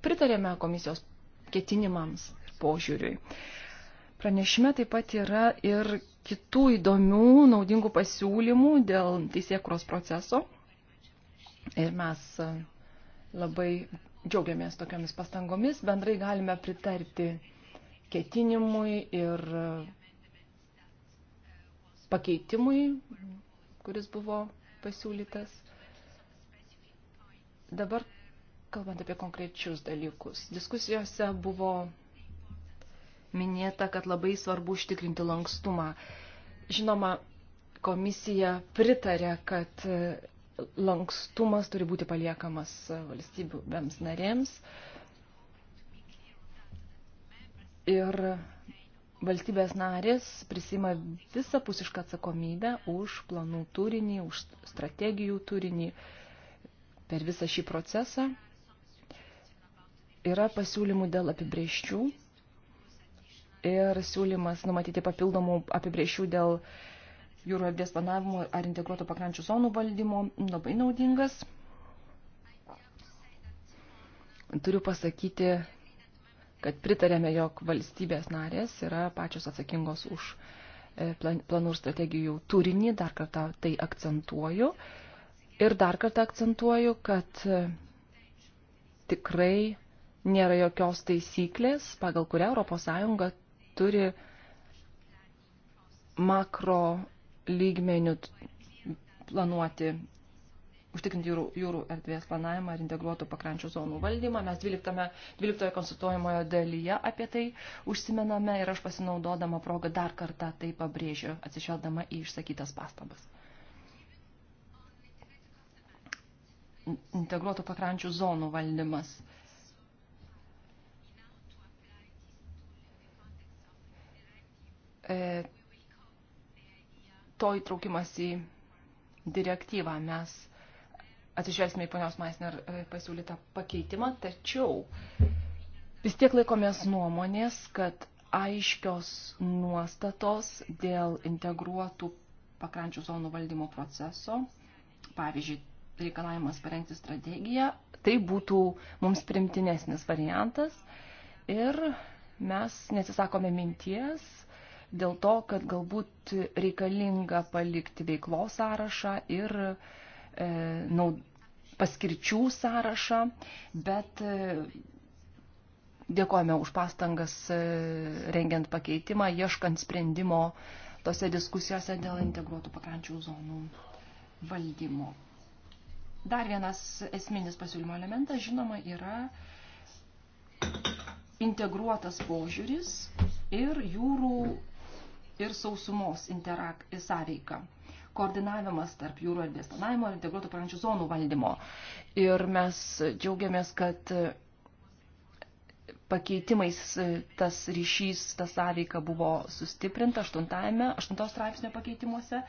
pritarėme komisijos ketinimams ir požiūriui. Pranešime taip pat yra ir kitų įdomių, naudingų pasiūlymų dėl teisėkros proceso. Ir mes e, labai džiaugiamės tokiamis pastangomis. Bendrai galime pritarti ketinimui ir e, pakeitimui, kuris buvo pasiūlytas. Dabar kalbant apie konkrečius dalykus. Diskusijose buvo minėta, kad labai svarbu užtikrinti lankstumą. Žinoma, komisija pritarė, kad e, lankstumas turi būti paliekamas e, valstybių bems narėms. Ir valstybės narės prisima visapusišką atsakomybę už planų turinį, už strategijų turinį per visą šį procesą. Yra pasiūlymų dėl apibrėžčių ir siūlymas numatyti papildomų apibrėžčių dėl jūrų erdvės planavimo ar integruoto pakrančių zonų valdymo labai naudingas. Turiu pasakyti, kad pritarėme, jog valstybės narės yra pačios atsakingos už e, planų ir strategijų turinį, dar kartą tai akcentuoju. Ir dar kartą akcentuoju, kad e, tikrai nėra jokios taisyklės, pagal kurią ES turi makro lygmenių planuoti, užtikrinti jūrų, jūrų erdvės planavimą ir integruotų pakrančių zonų valdymą. Mes 12, 12 konsultuojamojo dalyje apie tai užsimename ir aš pasinaudodama progą dar kartą tai pabrėžiu, atsižvelgdama į išsakytas pastabas. Integruotų pakrančių zonų valdymas e, to įtraukimas į direktyvą. Mes atsižvelgsime į ponios Maisner e, pasiūlytą pakeitimą, tačiau vis tiek laikomės nuomonės, kad aiškios nuostatos dėl integruotų pakrančių zonų valdymo proceso, pavyzdžiui, reikalavimas parengti strategiją, tai būtų mums primtinesnis variantas ir mes nesisakome minties dėl to, kad galbūt reikalinga palikti veiklos sąrašą ir e, naud, paskirčių sąrašą, bet e, dėkojame už pastangas e, rengiant pakeitimą, ieškant sprendimo tose diskusijose dėl integruotų pakrančių zonų valdymo. Dar vienas esminis pasiūlymo elementas, žinoma, yra integruotas požiūris ir jūrų ir sausumos interak... sąveika. Koordinavimas tarp jūrų erdvės planavimo ir integruotų parančių zonų valdymo. Ir mes džiaugiamės, kad e, pakeitimais e, tas ryšys, ta sąveika buvo sustiprinta 8 straipsnio pakeitimuose.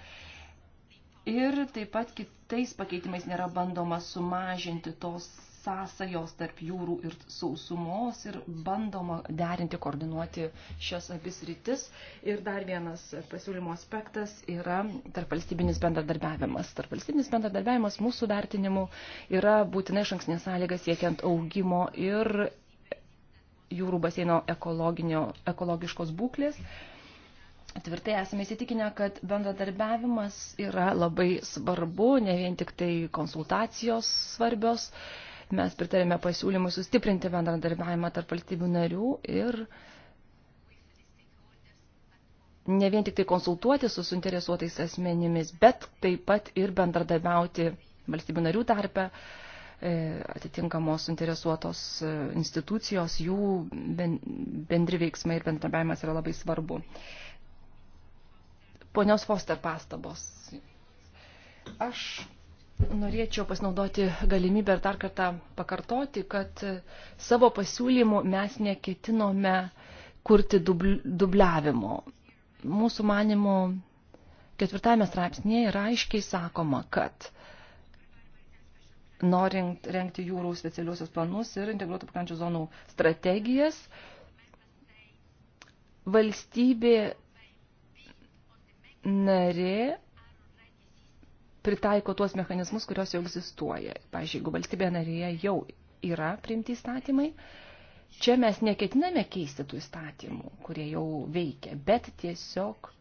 Ir taip pat kitais pakeitimais nėra bandoma sumažinti tos sąsajos tarp jūrų ir sausumos ir bandoma derinti, koordinuoti šias abis rytis. Ir dar vienas pasiūlymo aspektas yra tarp valstybinis bendradarbiavimas. Tarp valstybinis bendradarbiavimas mūsų vertinimu yra būtinai šanksnė sąlyga siekiant augimo ir jūrų baseino ekologiškos būklės tvirtai esame įsitikinę, kad bendradarbiavimas yra labai svarbu, ne vien tik tai konsultacijos svarbios, Mes pritarėme pasiūlymui sustiprinti bendradarbiavimą tarp valstybių narių ir ne vien tik tai konsultuoti su suinteresuotais asmenimis, bet taip pat ir bendradarbiauti valstybių narių tarpe e, atitinkamos suinteresuotos e, institucijos, jų bendri veiksmai ir bendradarbiavimas yra labai svarbu. Ponios Foster pastabos. Aš Norėčiau pasinaudoti galimybę ir dar kartą pakartoti, kad savo pasiūlymų mes neketinome kurti dubl dubliavimo. Mūsų manimo ketvirtame straipsnėje yra aiškiai sakoma, kad norint renkti jūrų specialiuosius planus ir integruotų pakrančių zonų strategijas, valstybė narė pritaiko tuos mechanizmus, kurios jau egzistuoja. Pavyzdžiui, jeigu valstybė narėje jau yra priimti įstatymai, čia mes neketiname keisti tų įstatymų, kurie jau veikia, bet tiesiog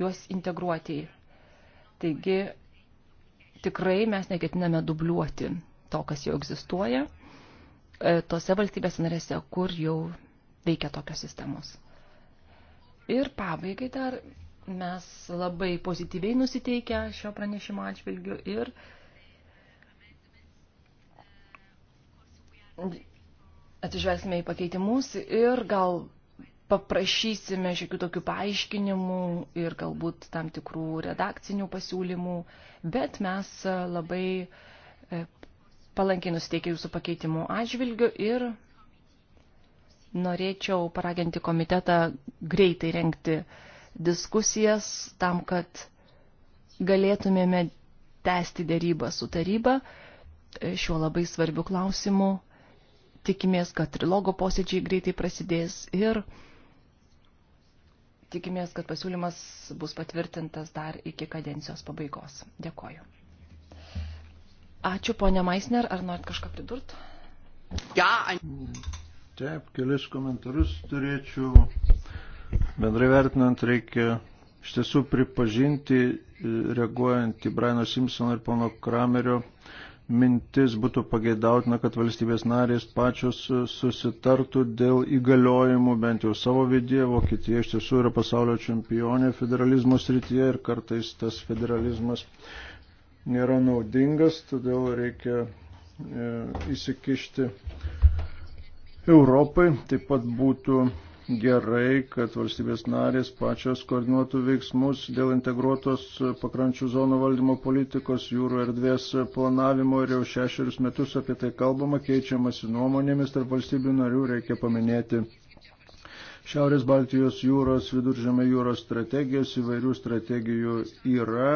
juos integruoti. Taigi tikrai mes neketiname dubliuoti to, kas jau egzistuoja, e, tose valstybės narėse, kur jau veikia tokios sistemos. Ir pabaigai dar Mes labai pozityviai nusiteikę šio pranešimo atžvilgiu ir atsižvelgsime į pakeitimus ir gal paprašysime šiokių tokių paaiškinimų ir galbūt tam tikrų redakcinių pasiūlymų, bet mes labai e, palankiai nusiteikę jūsų pakeitimų atžvilgių ir norėčiau paraginti komitetą greitai renkti uh, diskusijas tam, kad galėtumėme tęsti dėrybą su taryba šiuo labai svarbiu klausimu. Tikimės, kad trilogo posėdžiai greitai prasidės ir tikimės, kad pasiūlymas bus patvirtintas dar iki kadencijos pabaigos. Dėkoju. Ačiū, ponia Maisner, ar norit kažką pridurti? Taip, kelis komentarus turėčiau Bendrai vertinant, reikia iš tiesų pripažinti, reaguojant į Braino Simpsono ir pono Kramerio mintis, būtų pageidautina, kad valstybės narės pačios susitartų dėl įgaliojimų bent jau savo vidėje. Vokietija iš tiesų yra pasaulio čempionė federalizmo srityje ir kartais tas federalizmas nėra naudingas, todėl reikia e, įsikišti Europai. Taip pat būtų gerai, kad valstybės narės pačios koordinuotų veiksmus dėl integruotos pakrančių zonų valdymo politikos, jūrų erdvės planavimo ir jau šešerius metus apie tai kalbama, keičiamasi nuomonėmis tarp valstybių narių, reikia paminėti. Šiaurės Baltijos jūros, viduržėme jūros strategijos, įvairių strategijų yra,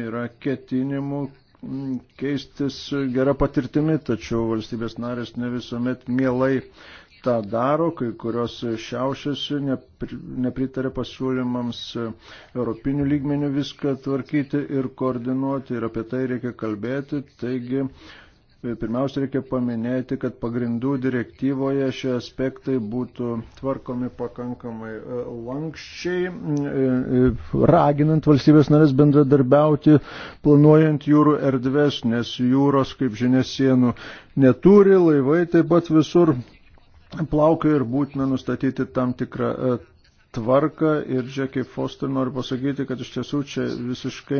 yra ketinimų, mm, keistis gerą patirtimį, tačiau valstybės narės ne visuomet mielai tą daro, kai kurios šiaušiasi, nepritarė pasiūlymams europinių lygmenių viską tvarkyti ir koordinuoti ir apie tai reikia kalbėti. Taigi, pirmiausia, reikia paminėti, kad pagrindų direktyvoje šie aspektai būtų tvarkomi pakankamai e, lankščiai, e, e, raginant valstybės narės bendradarbiauti, planuojant jūrų erdves, nes jūros, kaip žinia, sienų neturi, laivai taip pat visur plaukai ir būtina nustatyti tam tikrą e, tvarką ir Jackie Foster noriu pasakyti, kad iš tiesų čia visiškai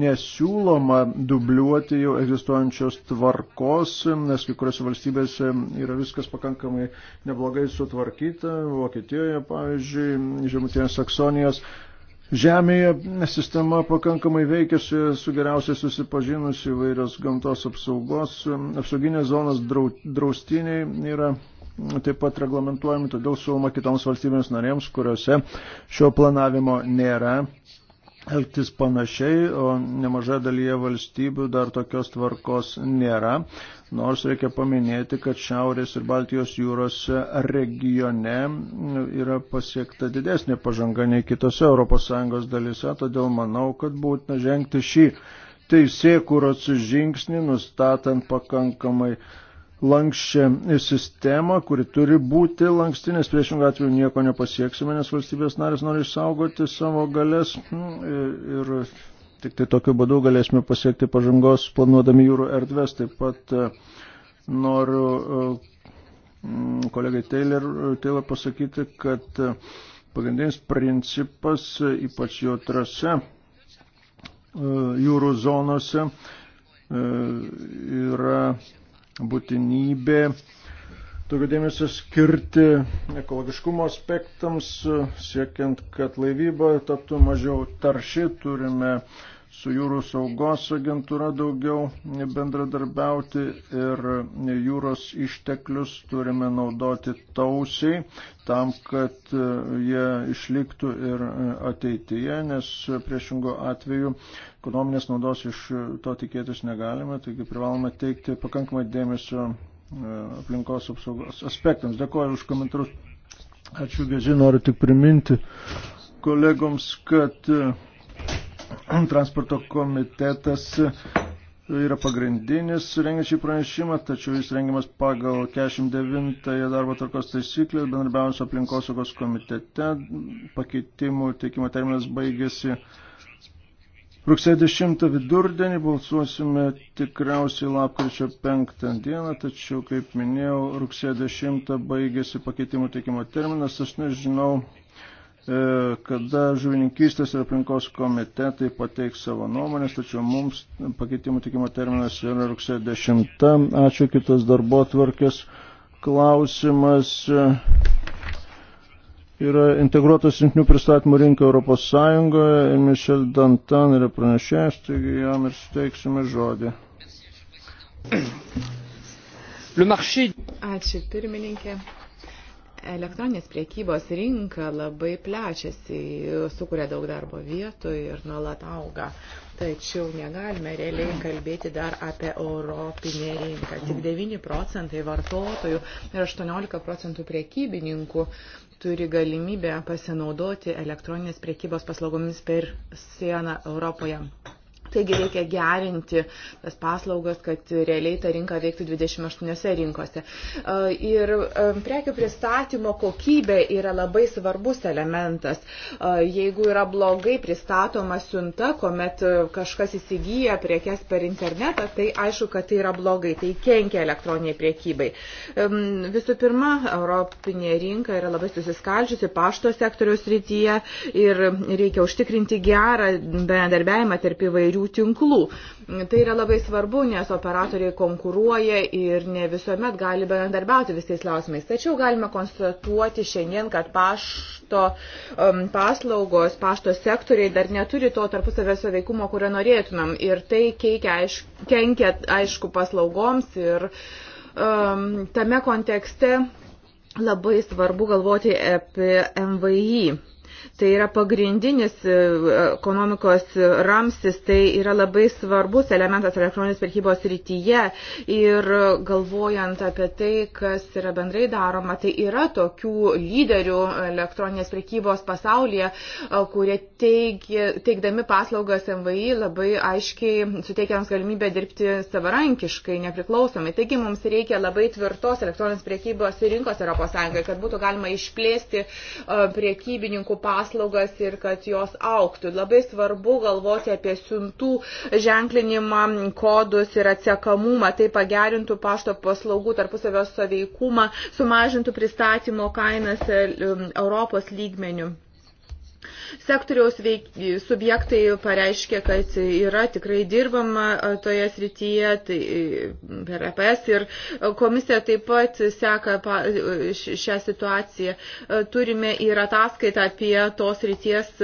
nesiūloma dubliuoti jau egzistuojančios tvarkos, nes kai kuriuose valstybėse yra viskas pakankamai neblogai sutvarkyta, Vokietijoje pavyzdžiui, Žemutinės Saksonijos. Žemėje sistema pakankamai veikiasi, su geriausiai susipažinusi įvairios gamtos apsaugos, apsauginės zonas draustiniai yra taip pat reglamentuojami, todėl siūloma kitoms valstybėms narėms, kuriuose šio planavimo nėra, elgtis panašiai, o nemažai dalyje valstybių dar tokios tvarkos nėra. Nors reikia paminėti, kad Šiaurės ir Baltijos jūros regione yra pasiekta didesnė pažanga nei kitose ES dalise, todėl manau, kad būtina žengti šį teisėkūros žingsnį, nustatant pakankamai uh, lankščią sistemą, kuri turi būti lankstinės, priešingų atveju nieko nepasieksime, nes valstybės narės nori išsaugoti savo galės mm, ir tik tai tokiu būdu galėsime pasiekti pažangos planuodami jūrų erdvės. Taip pat e, noriu e, mm, kolegai Taylor, Taylor pasakyti, kad e, pagrindinis principas, ypač jautrose jūrų zonose, yra būtinybė daugiau dėmesio skirti ekologiškumo aspektams, siekiant, kad laivyba taptų mažiau tarši, turime su jūrų saugos agentūra daugiau bendradarbiauti ir jūros išteklius turime naudoti tausiai tam, kad jie išliktų ir ateityje, nes priešingo atveju Ekonominės naudos iš to tikėtis negalime, taigi privalome teikti pakankamai dėmesio e, aplinkos apsaugos aspektams. Dėkuoju už komentarus. Ačiū, Geži, noriu tik priminti kolegoms, kad e, transporto komitetas e, yra pagrindinis rengia šį pranešimą, tačiau jis rengiamas pagal 49 darbo tvarkos taisyklės, bendrabiavimus aplinkosaugos komitete, pakeitimų teikimo terminas baigėsi Rugsėjo 10 vidurdienį balsuosime tikriausiai lapkričio 5 dieną, tačiau, kaip minėjau, rugsėjo 10 baigėsi pakeitimų teikimo terminas. Aš nežinau, e, kada žuvininkystės ir aplinkos komitetai pateiks savo nuomonės, tačiau mums pakeitimų teikimo terminas yra rugsėjo 10. Ačiū kitas darbo tvarkės klausimas yra integruotas rinkinių pristatymų rinka Europos Sąjungoje ir Michel Dantan yra pranešėjas, taigi jam ir suteiksime žodį. Ačiū pirmininkė. Elektroninės priekybos rinka labai plečiasi, sukuria daug darbo vietų ir nuolat auga. Tačiau negalime realiai kalbėti dar apie europinę rinką. Tik 9 procentai vartotojų ir 18 procentų priekybininkų turi galimybę pasinaudoti elektroninės priekybos paslaugomis per sieną Europoje. Taigi reikia gerinti tas paslaugas, kad realiai ta rinka veiktų 28 rinkose. E, ir e, prekių pristatymo kokybė yra labai svarbus elementas. E, jeigu yra blogai pristatoma siunta, kuomet kažkas įsigyja prekes per internetą, tai aišku, kad tai yra blogai, tai kenkia elektroniniai priekybai. Visų pirma, europinė rinka yra labai susiskaldžiusi pašto sektoriaus rytyje ir reikia užtikrinti gerą bendarbiavimą tarp įvairių jų tinklų. Tai yra labai svarbu, nes operatoriai konkuruoja ir ne visuomet gali bendarbiauti visais klausimais. Tačiau galime konstatuoti šiandien, kad pašto um, paslaugos, pašto sektoriai dar neturi to tarpusavio saveikumo, kurio norėtumėm. Ir tai keikia, aišku, kenkia, aišku, paslaugoms ir um, tame kontekste labai svarbu galvoti apie MVI tai yra pagrindinis e, ekonomikos ramsis, tai yra labai svarbus elementas elektroninės prekybos rytyje ir galvojant apie tai, kas yra bendrai daroma, tai yra tokių lyderių elektroninės prekybos pasaulyje, e, kurie teigia, teikdami paslaugas MVI labai aiškiai suteikia jiems galimybę dirbti savarankiškai, nepriklausomai. Taigi mums reikia labai tvirtos elektroninės prekybos rinkos ES, kad būtų galima išplėsti e, prekybininkų paslaugas paslaugas ir kad jos auktų. Labai svarbu galvoti apie siuntų ženklinimą, kodus ir atsekamumą. Tai pagerintų pašto paslaugų tarpusavio saveikumą, sumažintų pristatymo kainas e, Europos lygmenių. Sektoriaus veik, subjektai pareiškė, kad yra tikrai dirbama toje srityje tai, per EPS ir komisija taip pat seka šią situaciją. Turime ir ataskaitą apie tos ryties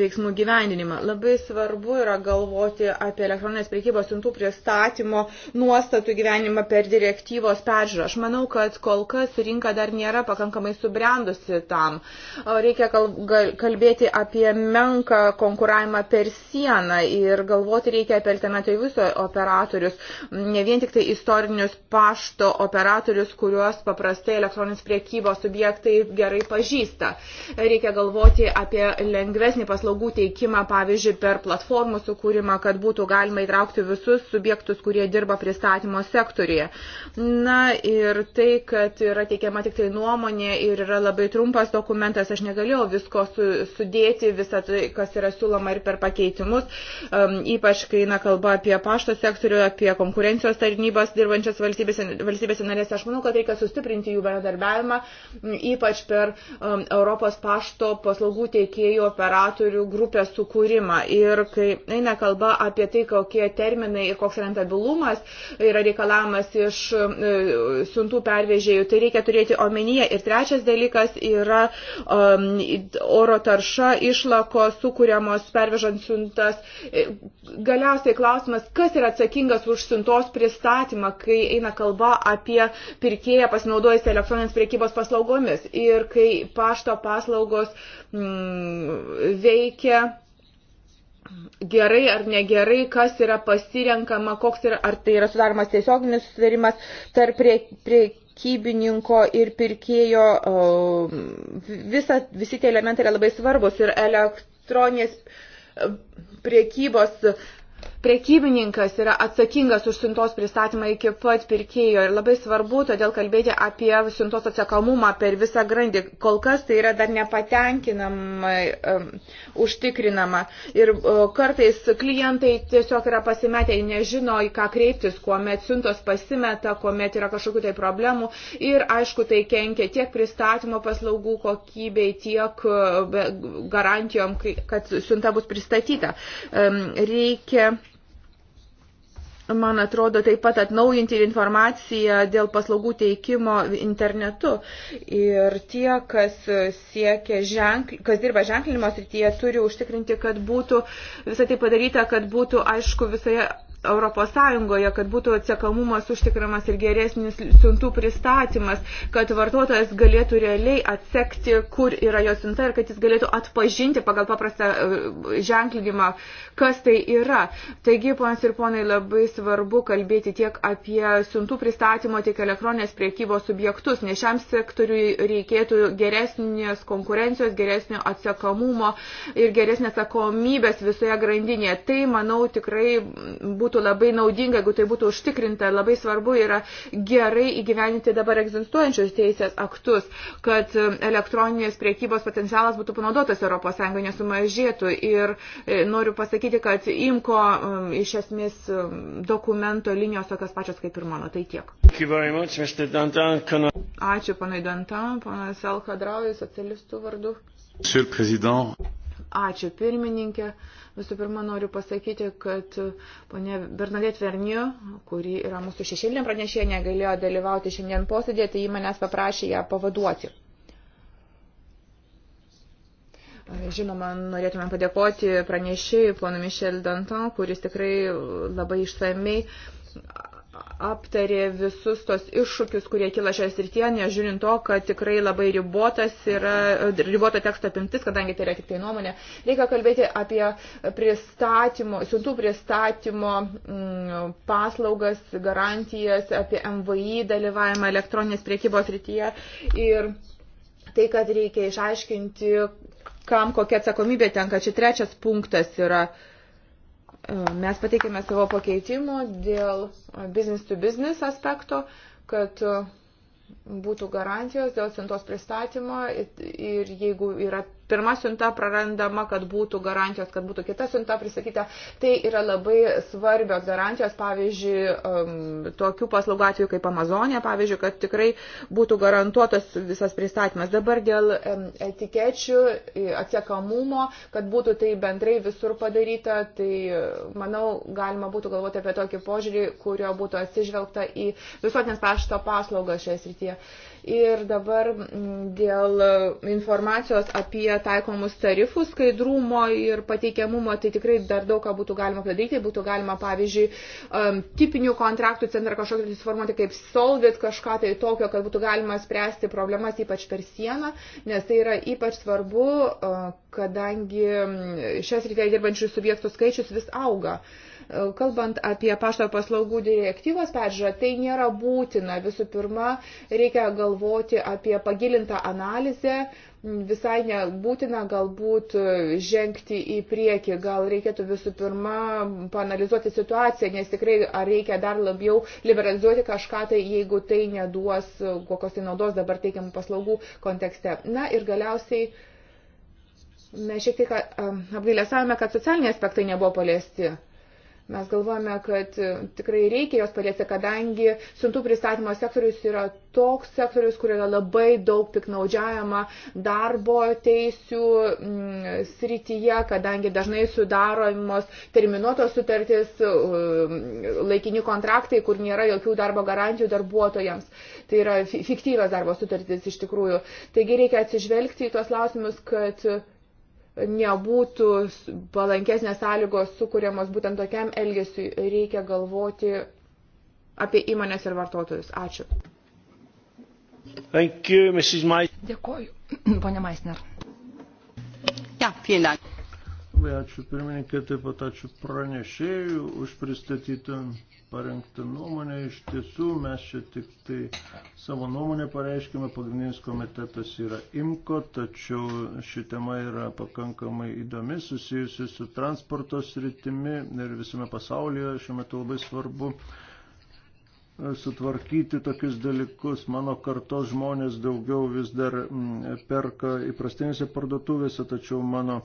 veiksmų gyvendinimą. Labai svarbu yra galvoti apie elektroninės priekybos siuntų pristatymo nuostatų gyvenimą per direktyvos peržiūrą. Aš manau, kad kol kas rinka dar nėra pakankamai subrendusi tam. Reikia kalbėti kalbėti apie menką konkuravimą per sieną ir galvoti reikia apie alternatyvius operatorius, ne vien tik tai istorinius pašto operatorius, kuriuos paprastai elektroninis priekybos subjektai gerai pažįsta. Reikia galvoti apie lengvesnį paslaugų teikimą, pavyzdžiui, per platformų sukūrimą, kad būtų galima įtraukti visus subjektus, kurie dirba pristatymo sektorėje. Na ir tai, kad yra teikiama tik tai nuomonė ir yra labai trumpas dokumentas, aš negalėjau visko su, sudėti atspindėti visą tai, kas yra siūloma ir per pakeitimus, um, ypač kai eina kalba apie pašto sektorių, apie konkurencijos tarnybas dirbančias valstybėse, valstybėse narėse. Aš manau, kad reikia sustiprinti jų bendradarbiavimą, ypač per um, Europos pašto paslaugų teikėjų operatorių grupės sukūrimą. Ir kai eina kalba apie tai, kokie terminai ir koks rentabilumas yra reikalavimas iš um, siuntų pervežėjų, tai reikia turėti omenyje. Ir trečias dalykas yra um, oro tarša kokia išlako sukūriamos pervežant siuntas. E, galiausiai klausimas, kas yra atsakingas už siuntos pristatymą, kai eina kalba apie pirkėją pasinaudojus elektroninės priekybos paslaugomis ir kai pašto paslaugos mm, veikia gerai ar negerai, kas yra pasirenkama, koks yra, ar tai yra sudaromas tiesioginis sudarimas tarp prie, prie, prekybininko ir pirkėjo, um, visa, visi tie elementai yra labai svarbus ir elektroninės uh, priekybos prekybininkas yra atsakingas už siuntos pristatymą iki pat pirkėjo ir labai svarbu todėl kalbėti apie siuntos atsakomumą per visą grandį. Kol kas tai yra dar nepatenkinamai um, užtikrinama ir uh, kartais klientai tiesiog yra pasimetę, nežino į ką kreiptis, kuomet siuntos pasimeta, kuomet yra kažkokių tai problemų ir aišku tai kenkia tiek pristatymo paslaugų kokybei, tiek e, garantijom, kad siunta bus pristatyta. Um, reikia man atrodo, taip pat atnaujinti ir informaciją dėl paslaugų teikimo internetu. Ir tie, kas, siekia ženkl... kas dirba ženklinimo srityje, turi užtikrinti, kad būtų visą tai padaryta, kad būtų aišku visoje Europos Sąjungoje, kad būtų atsiekamumas užtikramas ir geresnis siuntų pristatymas, kad vartotojas galėtų realiai atsekti, kur yra jo siunta ir kad jis galėtų atpažinti pagal paprastą e, ženklinimą, kas tai yra. Taigi, ponas ir ponai, labai svarbu kalbėti tiek apie siuntų pristatymo, tiek elektroninės priekybos subjektus, nes šiam sektoriui reikėtų geresnės konkurencijos, geresnio atsiekamumo ir geresnės atsakomybės visoje grandinėje. Tai, manau, tikrai būtų būtų labai naudinga, jeigu tai būtų užtikrinta. Labai svarbu yra gerai įgyveninti dabar egzistuojančius teisės aktus, kad e, elektroninės priekybos potencialas būtų panaudotas ES, nesumažėtų. Ir e, noriu pasakyti, kad IMCO e, iš esmės dokumento linijos tokios pačios kaip ir mano. Tai tiek. Ačiū, panai Danta, panas Elkadraujas, socialistų vardu. Monsieur le Président, Ačiū pirmininkė. Visų pirma, noriu pasakyti, kad ponė Bernadette Verniu, kuri yra mūsų šešėlinė pranešėja, negalėjo dalyvauti šiandien posėdėje, tai jį manęs paprašė ją pavaduoti. Žinoma, norėtume padėkoti pranešėjui, ponu Mišel Danton, kuris tikrai labai išsamei aptarė visus tos iššūkius, kurie kila šioje srityje, nežiūrint to, kad tikrai labai ribotas yra, riboto teksto apimtis, kadangi tai yra tik tai nuomonė. Reikia kalbėti apie pristatymo, siuntų pristatymo m, mm, paslaugas, garantijas, apie MVI dalyvavimą elektroninės priekybos srityje ir tai, kad reikia išaiškinti, kam kokia atsakomybė tenka. Čia trečias punktas yra. Uh, Mes pateikėme savo pakeitimų dėl business to business aspekto, kad būtų garantijos dėl siuntos pristatymo ir jeigu yra pirma siunta prarandama, kad būtų garantijos, kad būtų kita siunta prisakyta. Tai yra labai svarbios garantijos, pavyzdžiui, um, tokių paslaugų atveju kaip Amazonė, pavyzdžiui, kad tikrai būtų garantuotas visas pristatymas. Dabar dėl um, etikečių atsiekamumo, kad būtų tai bendrai visur padaryta, tai manau, galima būtų galvoti apie tokį požiūrį, kurio būtų atsižvelgta į visuotinės pašto paslaugas šioje srityje. Uh, Ir dabar mm, dėl informacijos apie taikomus tarifus, skaidrumo ir pateikiamumo, tai tikrai dar daug ką būtų galima padaryti. Būtų galima, pavyzdžiui, tipinių kontraktų centrą kažkokį susiformuoti kaip solvit, kažką tai tokio, kad būtų galima spręsti problemas ypač per sieną, nes tai yra ypač svarbu, e, kadangi šias rytėje dirbančių subjektų skaičius vis auga. Uh, Kalbant apie pašto paslaugų direktyvos peržiūrą, tai nėra būtina. Visų pirma, reikia galvoti apie pagilintą analizę. Visai nebūtina galbūt žengti į priekį. Gal reikėtų visų pirma panalizuoti situaciją, nes tikrai ar reikia dar labiau liberalizuoti kažką, tai jeigu tai neduos kokios tai naudos dabar teikiamų paslaugų kontekste. Na ir galiausiai mes šiek tiek apgailėsavome, kad socialiniai aspektai nebuvo paliesti. Mes galvojame, kad e, tikrai reikia jos paliesti, kadangi siuntų pristatymo sektorius yra toks sektorius, kur yra labai daug piknaudžiajama darbo teisių m, mm, srityje, kadangi dažnai sudaromos terminuotos sutartis, e, laikini kontraktai, kur nėra jokių darbo garantijų darbuotojams. Tai yra fiktyvios darbo sutartis iš tikrųjų. Taigi reikia atsižvelgti į tuos lausimus, kad nebūtų palankesnės sąlygos sukūriamos būtent tokiam elgesiui, reikia galvoti apie įmonės ir vartotojus. Ačiū. Thank you, Mrs. Meissner. Dėkoju, ponia Meissner. Ja, vielen Dank. Labai ačiū pirmininkai, taip pat ačiū pranešėjų už pristatytą parengtą nuomonę. Iš tiesų, mes čia tik tai savo nuomonę pareiškime, pagrindinis komitetas yra IMKO, tačiau ši tema yra pakankamai įdomi, susijusi su transporto sritimi ir visame pasaulyje šiuo metu labai svarbu sutvarkyti tokius dalykus. Mano kartos žmonės daugiau vis dar mm, perka įprastinėse parduotuvėse, tačiau mano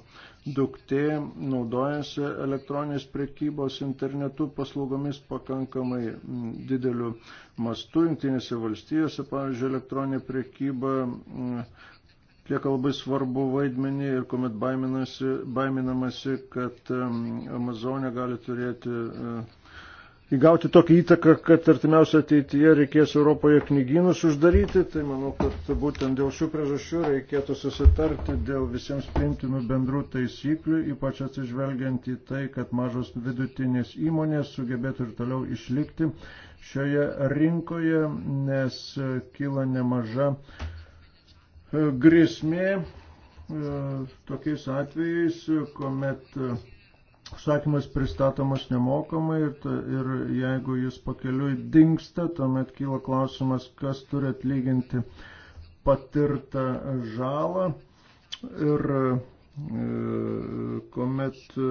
duktė naudojasi elektroninės prekybos internetu paslaugomis pakankamai mm, dideliu mastu. Jungtinėse valstijose, pavyzdžiui, elektroninė prekyba mm, atlieka labai svarbu vaidmenį ir kuomet baiminamasi, kad Amazonė gali turėti įgauti tokią įtaką, kad artimiausia ateityje reikės Europoje knygynus uždaryti, tai manau, kad būtent dėl šių priežasčių reikėtų susitarti dėl visiems priimtinų bendrų taisyklių, ypač atsižvelgiant į tai, kad mažos vidutinės įmonės sugebėtų ir toliau išlikti šioje rinkoje, nes kyla nemaža e, grėsmė e, tokiais atvejais, kuomet užsakymas pristatomas nemokamai ir, ir jeigu jis pakeliui dinksta, tuomet kyla klausimas, kas turi atlyginti patirtą žalą. Ir e, kuomet e,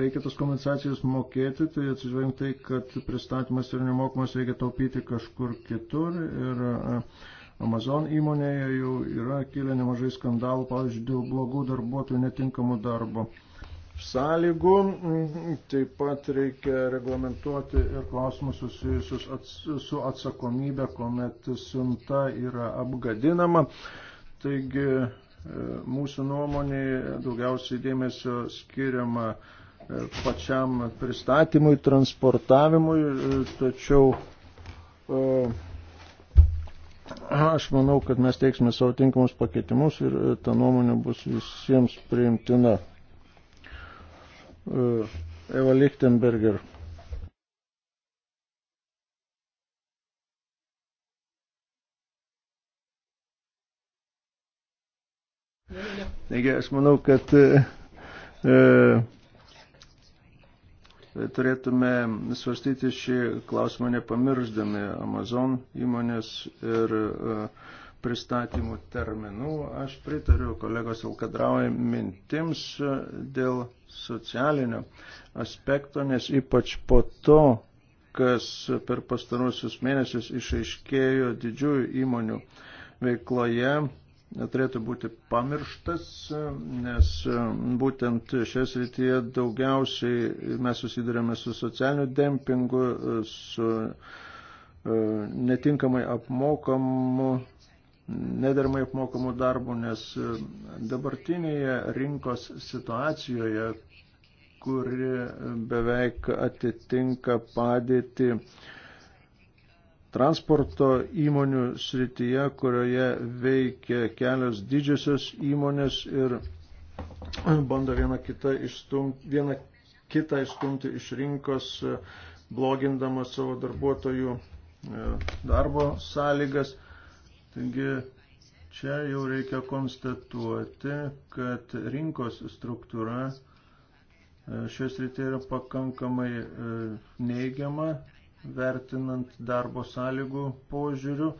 reikia tas kompensacijas mokėti, tai atsižvelgiant tai, kad pristatymas ir nemokamas reikia taupyti kažkur kitur. Ir e, Amazon įmonėje jau yra kilę nemažai skandalų, pavyzdžiui, dėl blogų darbuotojų netinkamų darbo sąlygų. Mm, Taip pat reikia reglamentuoti ir klausimus susijusius ats, su atsakomybė, kuomet siunta yra apgadinama. Taigi e, mūsų nuomonė daugiausiai dėmesio skiriama e, pačiam pristatymui, transportavimui, e, tačiau aš manau, kad mes teiksime savo tinkamus pakeitimus ir ta nuomonė bus visiems priimtina. Uh, Eva Lichtenberger. Taigi aš manau, kad e, turėtume svarstyti šį klausimą nepamirždami Amazon įmonės ir e, pristatymų terminų. Aš pritariu kolegos Alkadraui mintims dėl socialinio aspekto, nes ypač po to, kas per pastarosius mėnesius išaiškėjo didžiųjų įmonių veikloje, neturėtų būti pamirštas, nes būtent šias rytyje daugiausiai mes susidurėme su socialiniu dempingu, su e, netinkamai apmokamu nedarmai apmokamų darbų, nes e, dabartinėje rinkos situacijoje, kuri beveik atitinka padėti transporto įmonių srityje, kurioje veikia kelios didžiosios įmonės ir bando vieną kitą, išstumti, vieną kitą išstumti iš rinkos, e, blogindama savo darbuotojų e, darbo sąlygas. Taigi čia jau reikia konstatuoti, kad rinkos struktūra e, šios rytė yra pakankamai e, neigiama, vertinant darbo sąlygų požiūrių.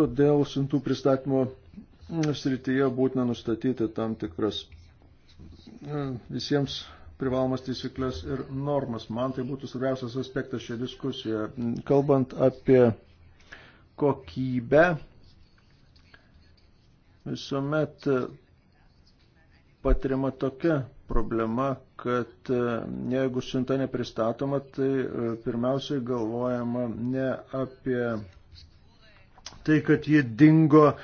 Todėl siuntų pristatymo mm, srityje būtina nustatyti tam tikras e, visiems privalomas taisyklės ir normas. Man tai būtų svarbiausias aspektas šią diskusiją. Kalbant apie kokybę, visuomet patiriama tokia problema, kad e, jeigu siunta nepristatoma, tai e, pirmiausiai galvojama ne apie tai, kad ji dingo e,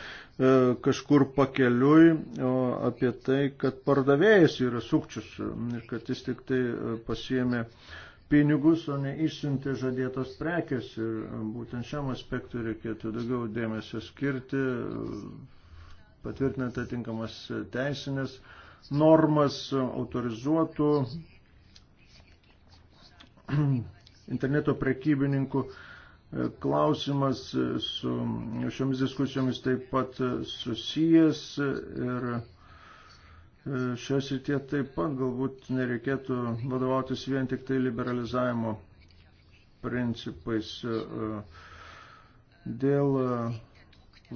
kažkur pakeliui, o apie tai, kad pardavėjas yra sukčius ir kad jis tik tai pasiemė uh, pinigus, o ne išsiuntė žadėtas prekes. Ir būtent šiam aspektui reikėtų daugiau dėmesio skirti, patvirtinant atinkamas teisinės normas, autorizuotų interneto prekybininkų klausimas su šiomis diskusijomis taip pat susijęs ir E, šioje srityje taip pat galbūt nereikėtų vadovautis vien tik tai liberalizavimo principais. E, e, dėl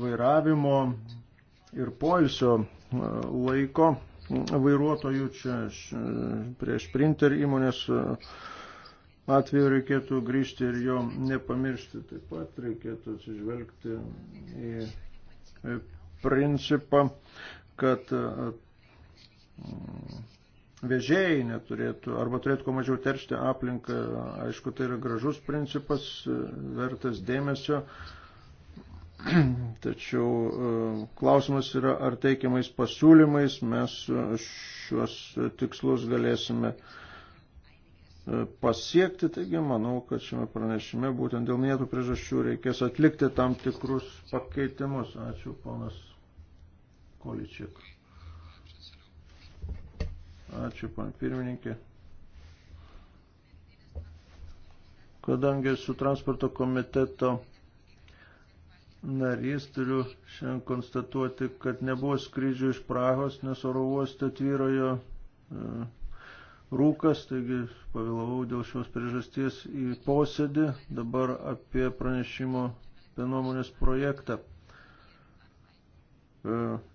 vairavimo ir poilsio laiko vairuotojų čia prieš printer įmonės atveju reikėtų grįžti ir jo nepamiršti. Taip pat reikėtų atsižvelgti į principą, kad vežėjai neturėtų arba turėtų kuo mažiau teršti aplinką. Aišku, tai yra gražus principas, vertas dėmesio. Tačiau e, klausimas yra, ar teikiamais pasiūlymais mes šiuos tikslus galėsime e, pasiekti. Taigi manau, kad šiame pranešime būtent dėl minėtų priežasčių reikės atlikti tam tikrus pakeitimus. Ačiū, ponas Količiakas. Ačiū, pan pirmininkė. Kadangi su transporto komiteto narys turiu šiandien konstatuoti, kad nebuvo skrydžių iš Prahos, nes oro uoste tvyrojo e, rūkas, taigi pavėlavau dėl šios priežasties į posėdį, dabar apie pranešimo apie nuomonės projektą. E,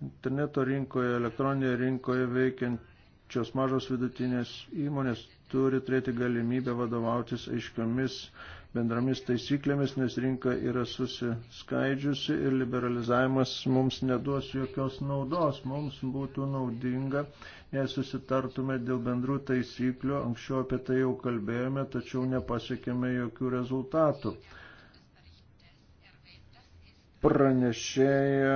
interneto rinkoje, elektroninėje rinkoje veikiant šios mažos vidutinės įmonės turi turėti galimybę vadovautis aiškiomis bendromis taisyklėmis, nes rinka yra susiskaidžiusi ir liberalizavimas mums neduos jokios naudos. Mums būtų naudinga, jei susitartume dėl bendrų taisyklių, anksčiau apie tai jau kalbėjome, tačiau nepasiekėme jokių rezultatų. Pranešėja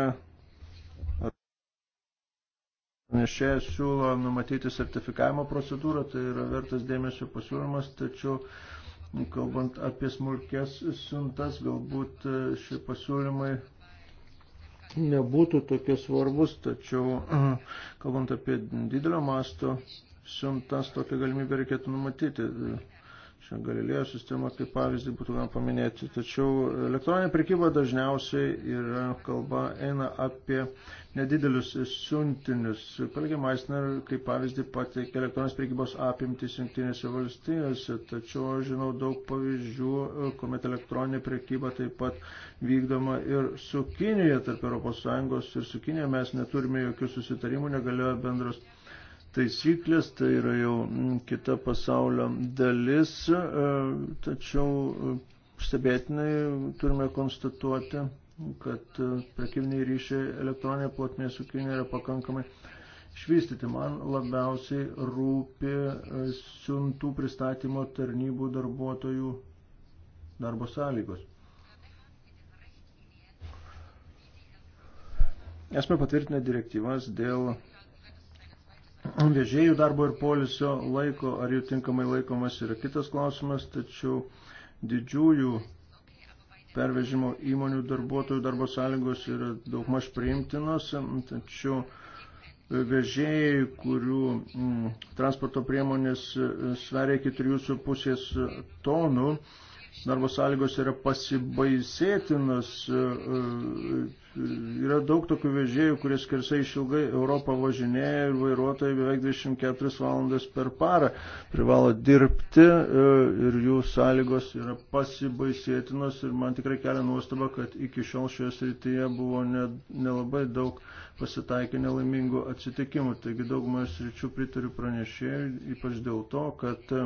Nešėjas siūlo numatyti sertifikavimo procedūrą, tai yra vertas dėmesio pasiūlymas, tačiau kalbant apie smulkės siuntas, galbūt e, šie pasiūlymai nebūtų tokie svarbus, tačiau kalbant apie didelio masto siuntas, tokią galimybę reikėtų numatyti šią galilėjo sistemą kaip pavyzdį būtų galima paminėti. Tačiau elektroninė prekyba dažniausiai yra kalba eina apie nedidelius siuntinius. Kolegė Maisner kaip pavyzdį pateikė elektroninės prekybos apimtis jungtinėse valstijose, tačiau aš žinau daug pavyzdžių, kuomet elektroninė prekyba taip pat vykdoma ir su Kinija tarp ES ir su Kinija mes neturime jokių susitarimų, negalioja bendros taisyklės, tai yra jau mm, kita pasaulio dalis, e, tačiau e, stebėtinai turime konstatuoti, kad e, prekybiniai ryšiai elektroninė plotmė su Kinija yra pakankamai išvystyti. Man labiausiai rūpi siuntų pristatymo tarnybų darbuotojų darbo sąlygos. Esame patvirtinę direktyvas dėl vežėjų darbo ir polisio laiko, ar jų tinkamai laikomas yra kitas klausimas, tačiau didžiųjų pervežimo įmonių darbuotojų darbo sąlygos yra daugmaž priimtinos, tačiau vežėjai, kurių m, mm, transporto priemonės sveria iki 3,5 tonų, darbo sąlygos yra pasibaisėtinas. E, e, yra daug tokių vežėjų, kurie skersai išilgai Europą važinėja ir vairuotojai beveik 24 valandas per parą privalo dirbti e, ir jų sąlygos yra pasibaisėtinos ir man tikrai kelia nuostaba, kad iki šiol šioje srityje buvo ne, nelabai daug pasitaikė nelaimingų atsitikimų. Taigi daugumą sričių pritariu pranešėjui, ypač dėl to, kad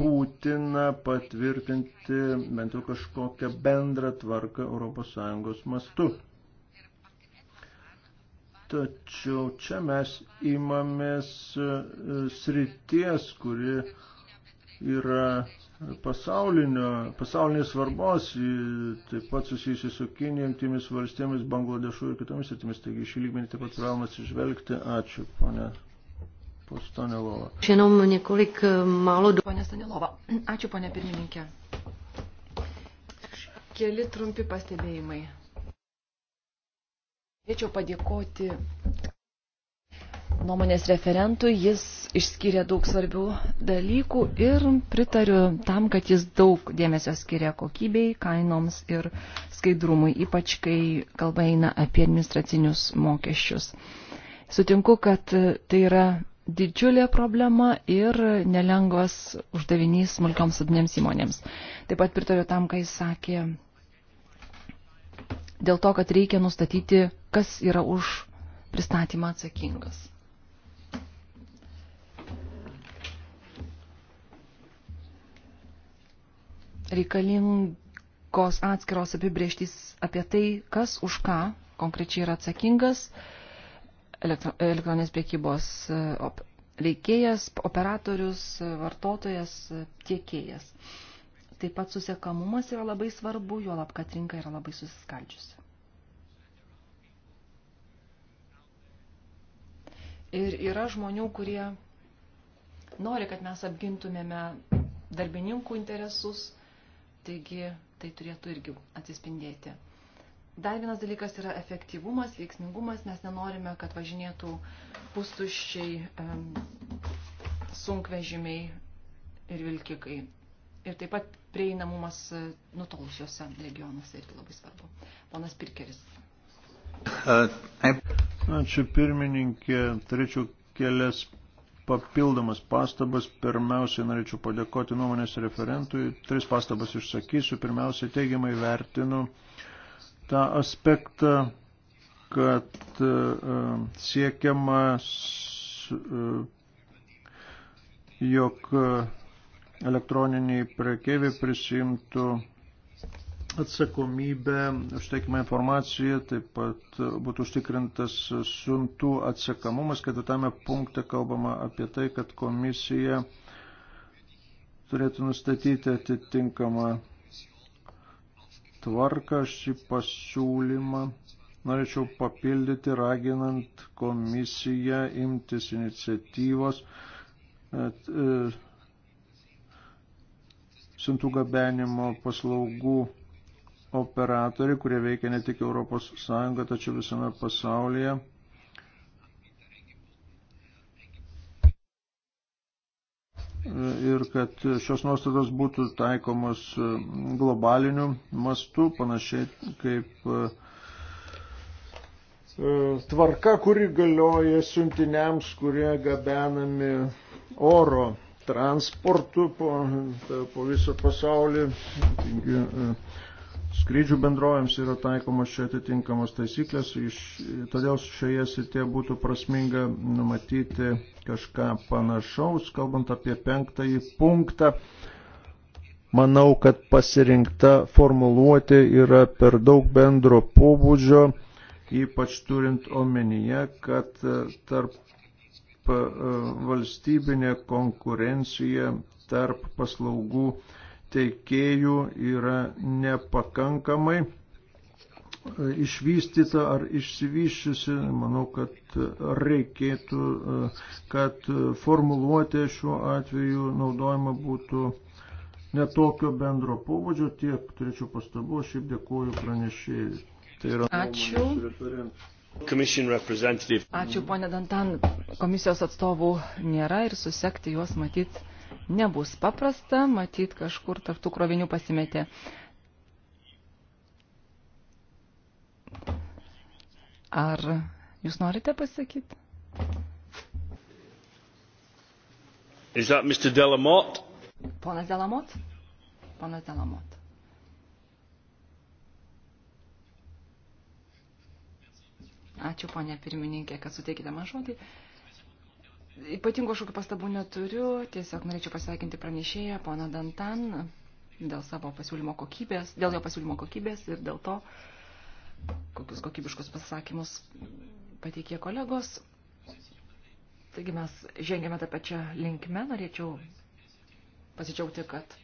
būtina patvirtinti bent jau kažkokią bendrą tvarką ES mastu. Tačiau čia mes imamės e, srities, kuri yra pasaulinės svarbos, e, taip pat susijusi su Kinija, jungtimis valstybėmis, Bangladešu ir kitomis sritimis. Taigi šį lygmenį taip pat privalome atsižvelgti. Ačiū, ponė Stanilova. Jenom několik eh, málo... Pane Stanilova, ačiū, pane pirmininkė. Keli trumpi pastebėjimai. Norėčiau padėkoti nuomonės referentui, jis išskyrė daug svarbių dalykų ir pritariu tam, kad jis daug dėmesio skiria kokybei, kainoms ir skaidrumui, ypač kai kalba eina apie administracinius mokesčius. Sutinku, kad tai yra didžiulė problema ir nelengvas uždavinys smulkioms vidinėms įmonėms. Taip pat pritariu tam, ką jis sakė, dėl to, kad reikia nustatyti, kas yra už pristatymą atsakingas. Reikalingos atskiros apibrieštys apie tai, kas už ką konkrečiai yra atsakingas, elektroninės priekybos e, op veikėjas, operatorius, e, vartotojas, e, tiekėjas. Taip pat susiekamumas yra labai svarbu, juolab, kad rinka yra labai susiskaldžiusi. Ir yra žmonių, kurie nori, kad mes apgintumėme darbininkų interesus, taigi tai turėtų irgi atsispindėti Dar vienas dalykas yra efektyvumas, veiksmingumas, nes nenorime, kad važinėtų pustuščiai um, sunkvežimiai ir vilkikai. Ir taip pat prieinamumas e, nutolusiuose regionuose irgi labai svarbu. Ponas Pirkeris. E, Ačiū pirmininkė. Turėčiau kelias papildomas pastabas. Pirmiausiai norėčiau padėkoti nuomonės referentui. Tris pastabas išsakysiu. Pirmiausiai teigiamai vertinu tą aspektą, kad e, siekiama, e, jog e, elektroniniai prekeiviai prisimtų atsakomybę už teikimą informaciją, taip pat būtų užtikrintas siuntų atsakamumas, kad tame punkte kalbama apie tai, kad komisija turėtų nustatyti atitinkamą tvarką, šį pasiūlymą norėčiau papildyti, raginant komisiją imtis iniciatyvos et, e, e sintų gabenimo paslaugų operatoriai, kurie veikia ne tik ES, tačiau visame pasaulyje ir kad šios nuostatos būtų taikomos globaliniu mastu, panašiai kaip e, e, tvarka, kuri galioja siuntiniams, kurie gabenami oro transportu po, po visą pasaulį. Taigi, e, skrydžių bendrovėms yra taikomos čia atitinkamos taisyklės, iš, todėl šioje srityje būtų prasminga numatyti kažką panašaus, kalbant apie penktąjį punktą. Manau, kad pasirinkta formuluoti yra per daug bendro pobūdžio, ypač turint omenyje, kad tarp e, valstybinė konkurencija tarp paslaugų teikėjų yra nepakankamai e, išvystyta ar išsivyščiusi. Manau, kad reikėtų, e, kad formuluotė šiuo atveju naudojama būtų netokio bendro pobūdžio, tiek turėčiau pastabų, šiaip dėkuoju pranešėjai. Tai yra Ačiū. Ačiū, ponė Dantan, komisijos atstovų nėra ir susekti juos matyti nebus paprasta, matyt, kažkur tarptų krovinių pasimetė. Ar jūs norite pasakyti? Is that Mr. Delamot? Ponas Delamot? Ponas Delamot. Ačiū, ponė pirmininkė, kad suteikite man žodį. Uh, Ypatingų kažkokių pastabų neturiu, tiesiog norėčiau pasveikinti pranešėją, poną Dantan, dėl savo pasiūlymo kokybės, dėl jo pasiūlymo kokybės ir dėl to, kokius kokybiškus pasakymus pateikė kolegos. Taigi mes žengėme tą pačią linkmę, norėčiau pasidžiaugti, kad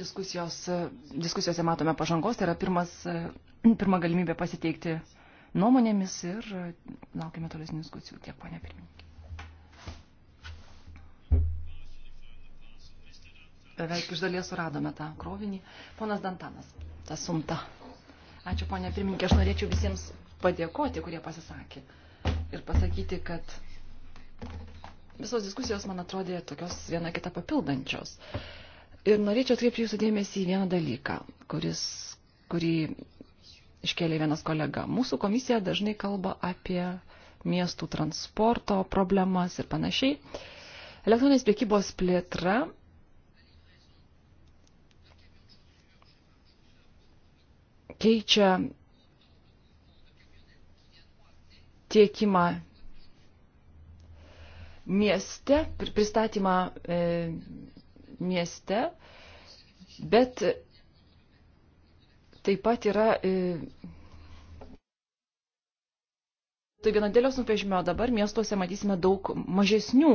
diskusijos, diskusijose matome pažangos, tai yra pirmas, pirma galimybė pasiteikti nuomonėmis ir laukime tolesnių diskusijų. Tiek, ponia pirmininkė. beveik iš dalies suradome tą krovinį. Ponas Dantanas, ta sumta. Ačiū, ponė pirmininkė, aš norėčiau visiems padėkoti, kurie pasisakė. Ir pasakyti, kad visos diskusijos man atrodė tokios viena kitą papildančios. Ir norėčiau atkreipti jūsų dėmesį į vieną dalyką, kuris, kurį iškėlė vienas kolega. Mūsų komisija dažnai kalba apie miestų transporto problemas ir panašiai. Elektroninės priekybos plėtra keičia tiekimą mieste, pristatymą e, mieste, bet taip pat yra. E, tai vienodėlio sunkvežimio dabar miestuose matysime daug mažesnių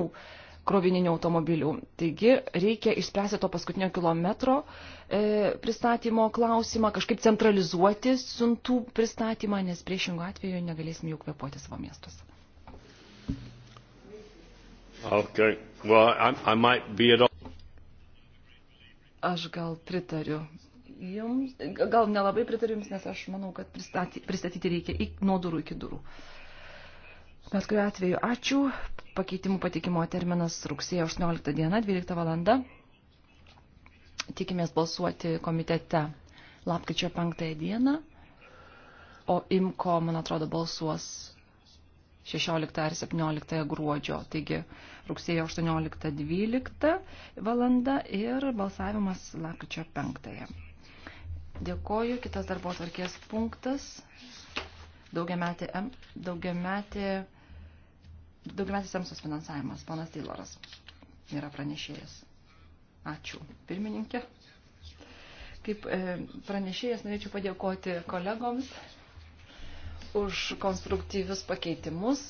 krovininių automobilių. Taigi reikia išspręsti to paskutinio kilometro e, pristatymo klausimą, kažkaip centralizuoti siuntų pristatymą, nes priešingų atveju negalėsim jų kvepuoti savo miestuose. Okay. Well, I, I might be at all aš gal pritariu jums, gal nelabai pritariu jums, nes aš manau, kad pristatyti, pristatyti reikia nuo durų iki durų. Uh, Bet kuriuo atveju ačiū. Pakeitimų patikimo terminas rugsėjo 18 diena, 12 valanda. Tikimės balsuoti komitete lapkričio 5 dieną, o IMKO, man atrodo, balsuos 16 ar 17 gruodžio. Taigi rugsėjo 18-12 valanda ir balsavimas lapkričio 5. Dėkoju. Kitas darbo tvarkės punktas daugiametė, daugiametė Daugiausiai samsos finansavimas. Ponas Tayloras yra pranešėjas. Ačiū, pirmininkė. Kaip e, pranešėjas norėčiau padėkoti kolegoms už konstruktyvius pakeitimus,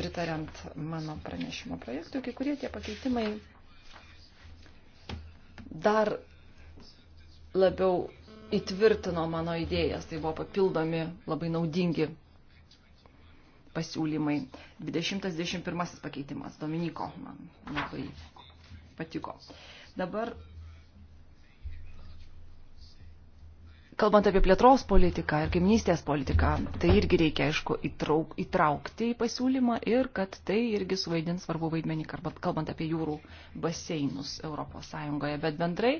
pritariant mano pranešimo projektui. Kai kurie tie pakeitimai dar labiau įtvirtino mano idėjas, tai buvo papildomi labai naudingi pasiūlymai. 20-21 pakeitimas. Dominiko man labai patiko. Dabar, kalbant apie plėtros politiką ir kaimynystės politiką, tai irgi reikia, aišku, įtrauk, įtraukti į pasiūlymą ir kad tai irgi suvaidins svarbu vaidmenį, kalbant apie jūrų baseinus Europos Sąjungoje. Bet bendrai,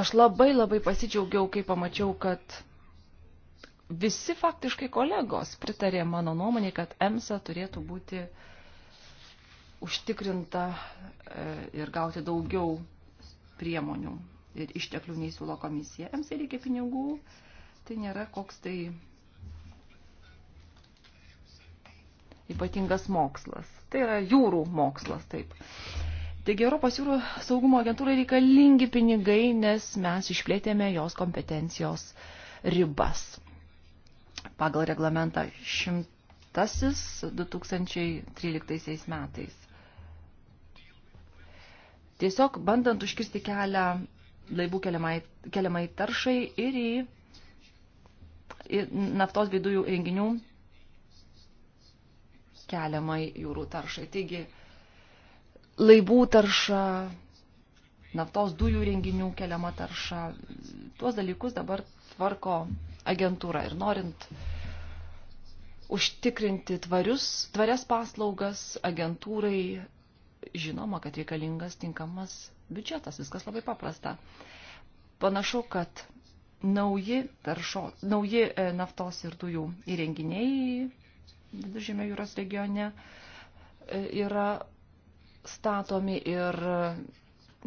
aš labai labai pasidžiaugiau, kai pamačiau, kad visi faktiškai kolegos pritarė mano nuomonė, kad EMSA turėtų būti užtikrinta e, ir gauti daugiau priemonių ir išteklių nei siūlo komisija. EMSA reikia pinigų, tai nėra koks tai ypatingas mokslas. Tai yra jūrų mokslas, taip. Taigi Europos jūrų saugumo agentūrai reikalingi pinigai, nes mes išplėtėme jos kompetencijos ribas pagal reglamentą 100-2013 metais. Tiesiog bandant užkirsti kelią laivų keliamai, keliamai taršai ir į, į naftos bei dujų renginių keliamai jūrų taršai. Taigi, laivų tarša, naftos dujų renginių keliama tarša, tuos dalykus dabar tvarko agentūra. Ir norint užtikrinti tvarius, tvarias paslaugas agentūrai, žinoma, kad reikalingas tinkamas biudžetas. Viskas labai paprasta. Panašu, kad nauji, taršo, nauji e, naftos ir dujų įrenginiai Viduržėmio jūros regione e, yra statomi ir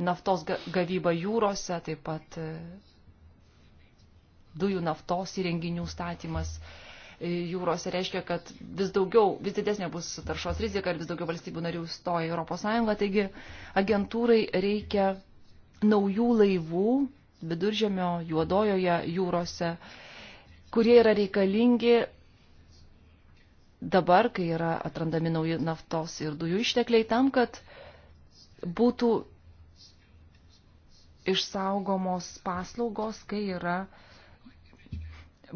naftos gavyba jūrose, taip pat e, dujų naftos įrenginių statymas e, jūrose reiškia, kad vis daugiau, vis didesnė bus taršos rizika ir vis daugiau valstybių narių stoja Europos Sąjungą. Taigi agentūrai reikia naujų laivų viduržėmio juodojoje jūrose, kurie yra reikalingi dabar, kai yra atrandami nauji naftos ir dujų ištekliai, tam, kad būtų išsaugomos paslaugos, kai yra uh,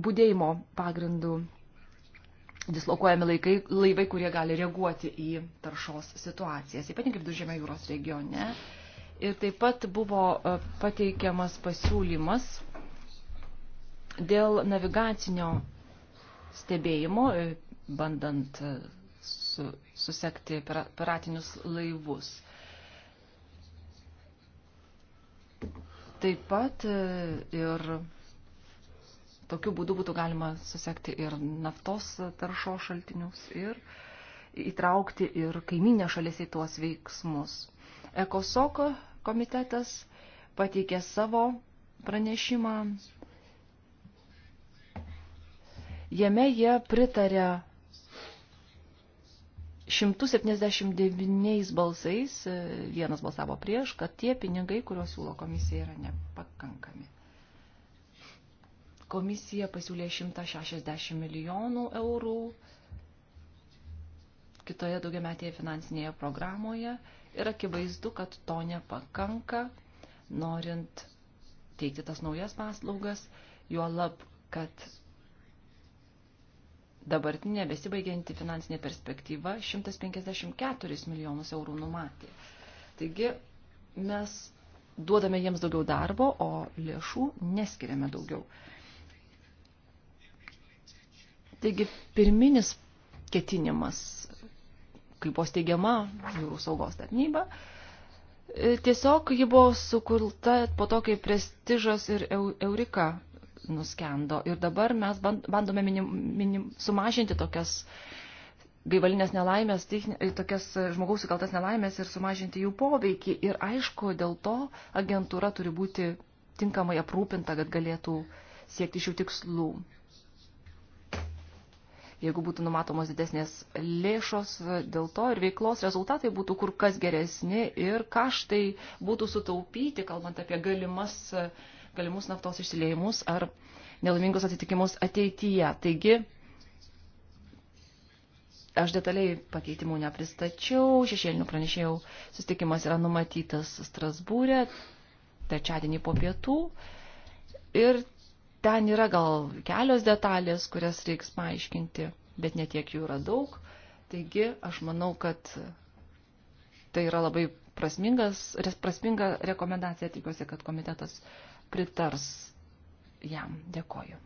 būdėjimo pagrindų dislokuojami laikai, laivai, kurie gali reaguoti į taršos situacijas, ypatingai viduržėmio jūros regione. Ir taip pat buvo e, pateikiamas pasiūlymas dėl navigacinio stebėjimo, e, bandant e, su, susekti piratinius laivus. Taip pat ir tokiu būdu būtų galima susekti ir naftos taršo šaltinius ir įtraukti ir kaiminę šalis į tuos veiksmus. Ekosoko komitetas pateikė savo pranešimą. Jame jie pritarė 179 balsais, vienas balsavo prieš, kad tie pinigai, kuriuos siūlo komisija, yra nepakankami. Komisija pasiūlė 160 milijonų eurų kitoje daugiametėje finansinėje programoje ir akivaizdu, kad to nepakanka, norint teikti tas naujas paslaugas, juolab, kad dabartinė besibaigianti finansinė perspektyva 154 milijonus eurų numatė. Taigi mes duodame jiems daugiau darbo, o lėšų neskiriame daugiau. Taigi pirminis ketinimas, kai buvo steigiama jūrų saugos tarnyba, e, tiesiog ji buvo sukurta po to, kai prestižas ir eurika nuskendo. Ir dabar mes bandome minim, minim, sumažinti tokias gaivalinės nelaimės, e, tokias žmogaus sukeltas nelaimės ir sumažinti jų poveikį. Ir aišku, dėl to agentūra turi būti tinkamai aprūpinta, kad galėtų siekti šių tikslų jeigu būtų numatomos didesnės lėšos, dėl to ir veiklos rezultatai būtų kur kas geresni ir kaštai būtų sutaupyti, kalbant apie galimas, galimus naftos išsileimus ar nelaimingus atitikimus ateityje. Taigi, aš detaliai pakeitimų nepristačiau, šešėlinių pranešėjų sustikimas yra numatytas Strasbūrė, trečiadienį po pietų. Ir ten yra gal kelios detalės, kurias reiks paaiškinti, bet netiek jų yra daug. Taigi aš manau, kad tai yra labai prasmingas, prasminga rekomendacija, tikiuosi, kad komitetas pritars jam. Dėkoju.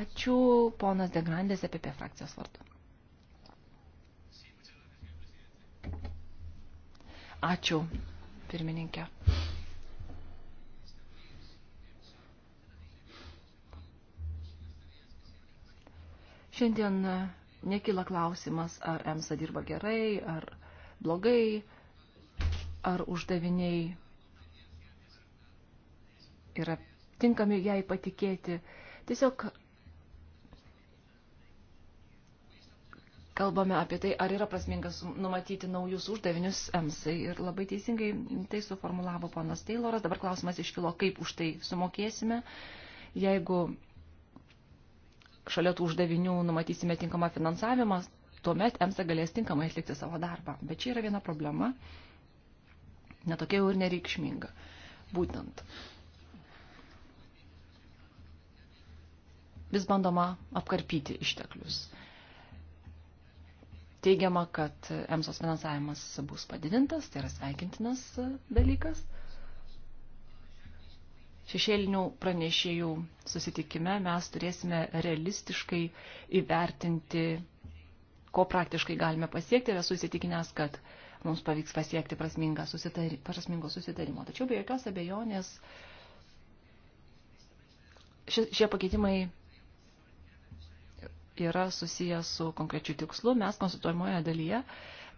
Ačiū ponas Degrandės apie frakcijos vardu. Ačiū, pirmininkė. Šiandien e, nekyla klausimas, ar EMSA dirba gerai, ar blogai, ar uždaviniai yra tinkami jai patikėti. Tiesiog kalbame apie tai, ar yra prasmingas numatyti naujus uždavinius EMSai. Ir labai teisingai tai suformulavo ponas Tayloras. Dabar klausimas iškilo, kaip už tai sumokėsime. Jeigu šalia tų uždavinių numatysime tinkamą finansavimą, tuomet EMSA galės tinkamai atlikti savo darbą. Bet čia yra viena problema, netokia jau ir nereikšminga. Būtent. Vis bandoma apkarpyti išteklius. Teigiama, kad EMSOS finansavimas bus padidintas, tai yra sveikintinas dalykas šešėlinių pranešėjų susitikime mes turėsime realistiškai įvertinti, ko praktiškai galime pasiekti ir esu įsitikinęs, kad mums pavyks pasiekti susitari, prasmingo susitarimo. Tačiau be jokios abejonės ši, šie pakeitimai yra susijęs su konkrečiu tikslu. Mes konsultuojamoje dalyje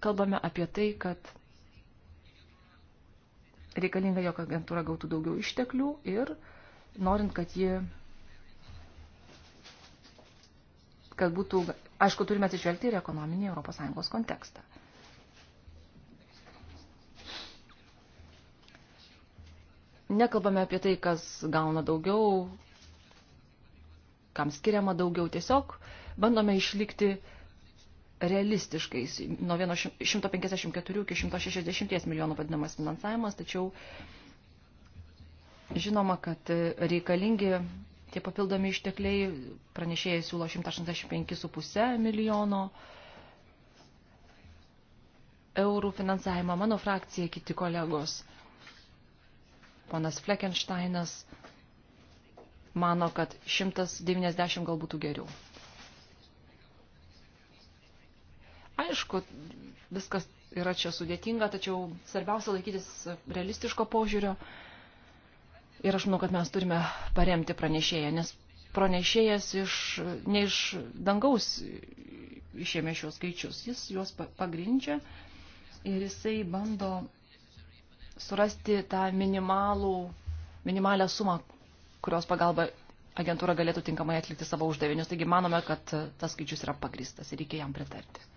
kalbame apie tai, kad reikalinga, jog agentūra gautų daugiau išteklių ir norint, kad ji kad būtų, aišku, turime atsižvelgti ir ekonominį ES kontekstą. Nekalbame apie tai, kas gauna daugiau, kam skiriama daugiau, tiesiog bandome išlikti uh, realistiškais, nuo 154 iki 160 milijonų vadinamas finansavimas, tačiau žinoma, kad reikalingi tie papildomi ištekliai, pranešėjai siūlo 185,5 milijono eurų finansavimą, mano frakcija, kiti kolegos. Ponas Fleckensteinas mano, kad 190 gal būtų geriau. Aišku, viskas yra čia sudėtinga, tačiau svarbiausia laikytis realistiško požiūrio. Ir aš manau, kad mes turime paremti pranešėją, nes pranešėjas iš, ne iš dangaus išėmė šios skaičius. Jis juos pagrindžia ir jisai bando surasti tą minimalų, minimalę sumą, kurios pagalba agentūra galėtų tinkamai atlikti savo uždavinius. Taigi manome, kad tas skaičius yra pagristas ir reikia jam pritarti.